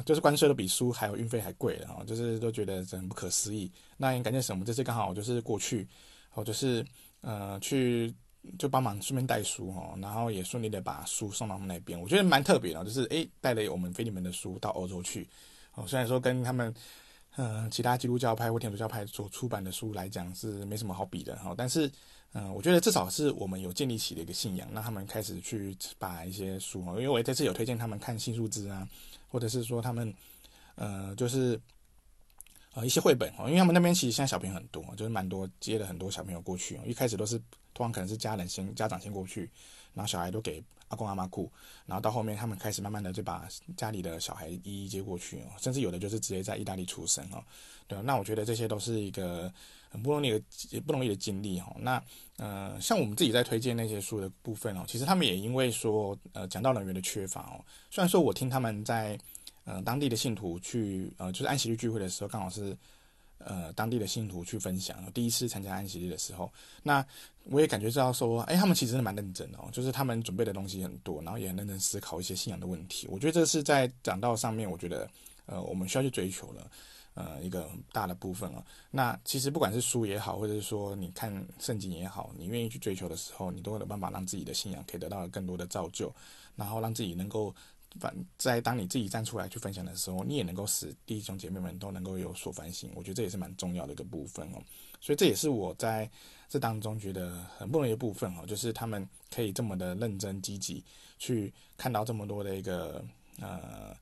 就是關稅都比書還有運費還貴的，就是都覺得很不可思議。那你感謝什麼？我們這次剛好就是過去，我就是呃去就幫忙順便帶書，然後也順利的把書送到我們那邊。我覺得蠻特別的，就是誒帶、欸、了我們腓利門的書到歐洲去。哦，雖然說跟他們嗯、呃、其他基督教派或天主教派所出版的書來講是沒什麼好比的，但是。嗯、呃，我覺得至少是我們有建立起的一個信仰，讓他們開始去把一些書，因為我這次有推薦他們看新數字啊，或者是說他們，呃，就是，呃，一些繪本哦，因為他們那邊其實現在小朋友很多，就是蠻多接了很多小朋友過去，一開始都是，通常可能是家人先，家長先過去，然後小孩都給阿公阿媽顧，然後到後面他們開始慢慢的就把家裡的小孩一一接過去哦，甚至有的就是直接在意大利出生哦，對，那我覺得這些都是一個。很不容易的，也不容易的經歷哦，那呃，像我們自己在推薦那些書的部分哦，其實他們也因為說呃講道人員的缺乏哦。雖然說我聽他們在呃當地的信徒去呃就是安息日聚會的時候，剛好是呃當地的信徒去分享第一次參加安息日的時候，那我也感覺到說，誒、欸，他們其實是蠻認真的哦，就是他們準備的東西很多，然後也認真思考一些信仰的問題。我覺得這是在講道上面，我覺得呃我們需要去追求的。呃，一個大的部分了啊。那其實不管是書也好，或者是說你看聖經也好，你願意去追求的時候，你都有辦法讓自己的信仰可以得到更多的造就，然後讓自己能夠反，在當你自己站出來去分享的時候，你也能夠使弟兄姐妹們都能夠有所反省。我覺得這也是蠻重要的一個部分哦。所以這也是我在這當中覺得很不容易的部分哦，就是他們可以這麼的認真積極去看到這麼多的一個呃。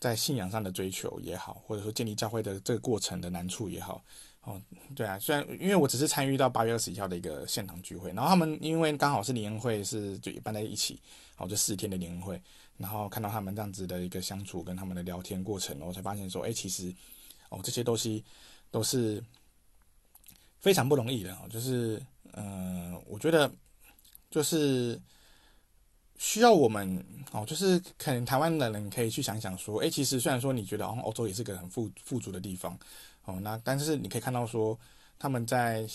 在信仰上的追求也好，或者說建立教會的這個過程的難處也好，哦，對啊，雖然因為我只是參與到八月二十一號的一個現場聚會，然後他們因為剛好是年會是就辦在一起，哦，就四天的年會，然後看到他們這樣子的一個相處跟他們的聊天過程，我才發現說，哎，其實哦這些東西都是非常不容易的哦，就是，嗯、呃，我覺得就是。需要我們哦，就是可能台灣的人可以去想想說，誒、欸，其實雖然說你覺得哦，歐洲也是個很富富足的地方哦，那但是你可以看到說他們在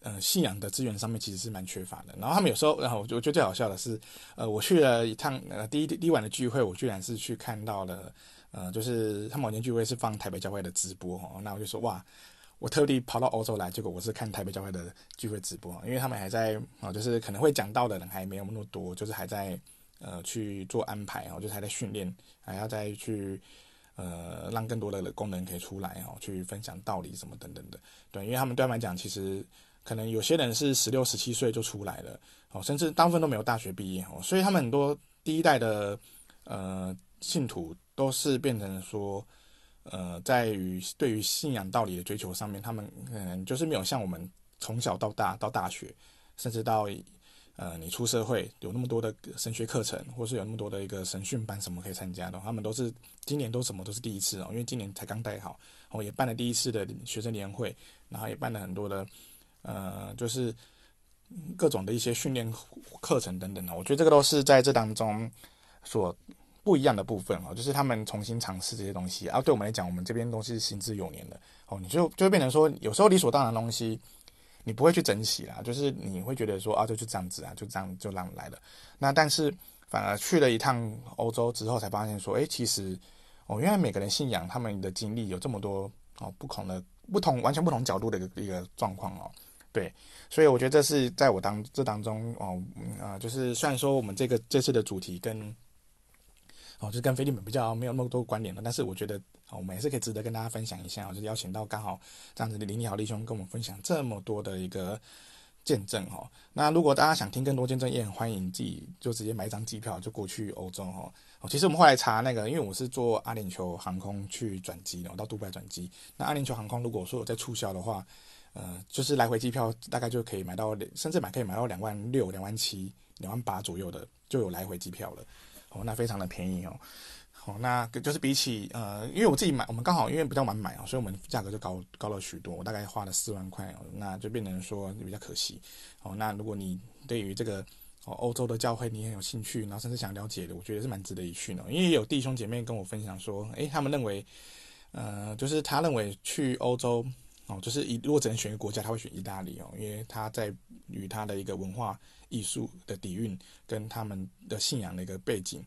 呃信仰的資源上面其實是蠻缺乏的。然後他們有時候，然、啊、後我覺得最好笑的是，呃，我去了一趟呃第一第一晚的聚會，我居然是去看到了呃，就是他們晚間聚會是放台北教會的直播哦，那我就說哇。我特地跑到歐洲來，結果我是看台北教會的聚會直播，因為他們還在啊，就是可能會講到的人還沒有那麼多，就是還在呃去做安排哦，就是還在訓練，還要再去呃讓更多的工人可以出來哦，去分享道理什麼等等的，對，因為他們對外講，其實可能有些人是十六、十七歲就出來了哦，甚至大部分都沒有大學畢業哦，所以他們很多第一代的呃信徒都是變成說。呃，在於對於信仰道理的追求上面，他們可能、嗯、就是沒有像我們從小到大到大學，甚至到呃你出社會有那麼多的神學課程，或是有那麼多的一個神訓班什麼可以參加的，他們都是今年都什麼都是第一次哦，因為今年才剛帶好，然、哦、後也辦了第一次的學生年會，然後也辦了很多的呃，就是各種的一些訓練課程等等，我覺得這個都是在這當中所。不一樣的部分哦，就是他們重新嘗試這些東西啊。對我們來講，我們這邊東西是行之有年的哦，你就就會變成說，有時候理所當然的東西，你不會去珍惜啦。就是你會覺得說啊，就就這樣子啊，就這樣就讓來了。那但是反而去了一趟歐洲之後，才發現說，誒、欸，其實哦，原來每個人信仰他們的經歷有這麼多哦，不同的不同，完全不同角度的一個一個狀況哦。對，所以我覺得這是在我當這當中哦啊、嗯呃，就是雖然說我們這個這次的主題跟哦，就跟腓利門比較沒有那麼多關聯了，但是我覺得，我們也是可以值得跟大家分享一下，就邀請到剛好這樣子的林立豪弟兄跟我們分享這麼多的一個見證，哦，那如果大家想聽更多見證，也很歡迎自己就直接買一張機票就過去歐洲，哦，其實我們後來查那個，因為我是坐阿聯酋航空去轉機的，我到杜拜轉機。那阿聯酋航空如果說有在促銷的話，呃，就是來回機票大概就可以買到，甚至買可以買到兩萬六、兩萬七、兩萬八左右的，就有來回機票了。哦，那非常的便宜哦。好、哦，那就是比起呃，因為我自己買，我們剛好因為比較晚買啊、哦，所以我們價格就高高了許多。我大概花了四萬塊哦，那就變成說比較可惜。哦，那如果你對於這個哦、歐洲的教會你很有興趣，然後甚至想了解的，我覺得是蠻值得一去呢、哦。因為有弟兄姐妹跟我分享說，誒、欸，他們認為呃，就是他認為去歐洲哦，就是如果只能選一個國家，他會選意大利哦，因為他在與他的一個文化。藝術的底蘊跟他們的信仰的一個背景，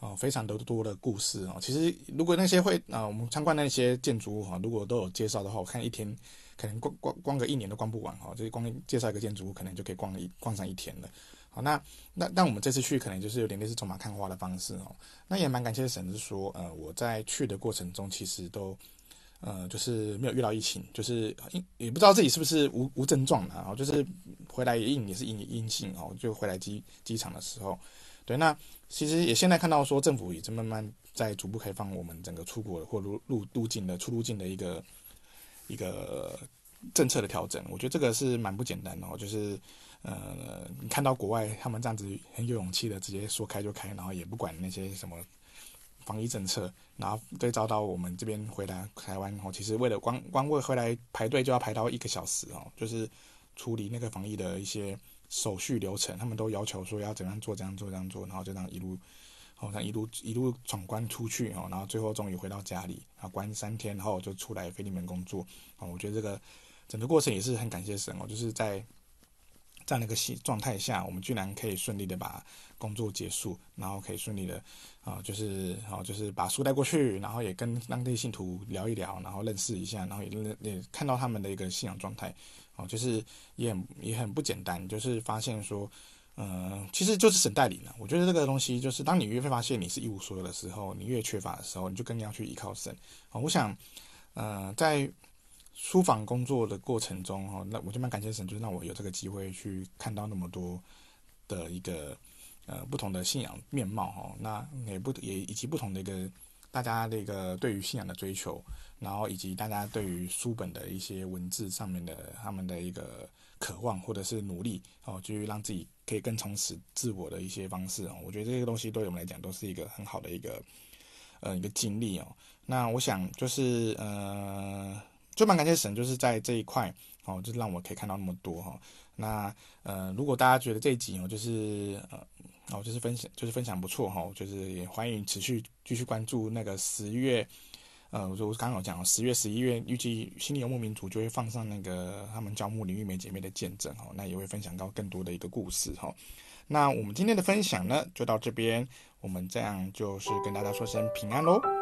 哦、呃，非常的多的故事哦。其實如果那些會啊、呃，我們參觀那些建築物哈，如果都有介紹的話，我看一天可能逛逛逛個一年都逛不完哈、哦。就是光介紹一個建築物，可能就可以逛一逛上一天了。好，那那那我們這次去可能就是有點類似走馬看花的方式哦。那也蠻感謝神是說，呃，我在去的過程中其實都。呃，就是沒有遇到疫情，就是也也不知道自己是不是無無症狀的啊，然後就是回來也陰也是陰陰性哦，就回來機機場的時候，對，那其實也現在看到說政府已經慢慢在逐步開放我們整個出國或入入入境的出入境的一個一個政策的調整，我覺得這個是蠻不簡單的哦，就是呃，你看到國外他們這樣子很有勇氣的直接說開就開，然後也不管那些什麼。防疫政策，然後對照到我們這邊回來台灣哦，其實為了光光為回來排隊就要排到一個小時哦，就是處理那個防疫的一些手續流程，他們都要求說要怎樣做怎樣做怎樣做，然後就這樣一路好像一路一路闖關出去哦，然後最後終於回到家裡啊，關三天，然後就出來腓利門工作啊，我覺得這個整個過程也是很感謝神哦，就是在。在那個信狀態下，我們居然可以順利的把工作結束，然後可以順利的，啊、呃，就是啊、呃，就是把書帶過去，然後也跟當地信徒聊一聊，然後認識一下，然後也也看到他們的一個信仰狀態，哦、呃，就是也很也很不簡單，就是發現說，嗯、呃，其實就是神帶領了，啊。我覺得這個東西就是，當你越發現你是一無所有的時候，你越缺乏的時候，你就更要去依靠神。啊、呃，我想，嗯、呃，在。書房工作的過程中，哦，那我就蠻感謝神，就是讓我有這個機會去看到那麼多的一個呃不同的信仰面貌，哈，那也不也以及不同的一個大家的一個對於信仰的追求，然後以及大家對於書本的一些文字上面的他們的一個渴望或者是努力，哦、喔，去讓自己可以更充實自我的一些方式，哦，我覺得這些東西對我們來講都是一個很好的一個呃一個經歷哦、喔。那我想就是呃。最蠻感謝神，就是在這一塊哦，就是，讓我可以看到那麼多哈、哦。那呃，如果大家覺得這一集哦，就是呃，哦，就是分享，就是分享不錯哈、哦，就是也歡迎持續繼續關注那個十月，呃，我剛剛好講十月十一月預計心理遊牧民族，就會放上那個他們教牧林玉梅姐妹的見證哈、哦，那也會分享到更多的一個故事哈、哦。那我們今天的分享呢，就到這邊，我們這樣就是跟大家說聲平安嘍。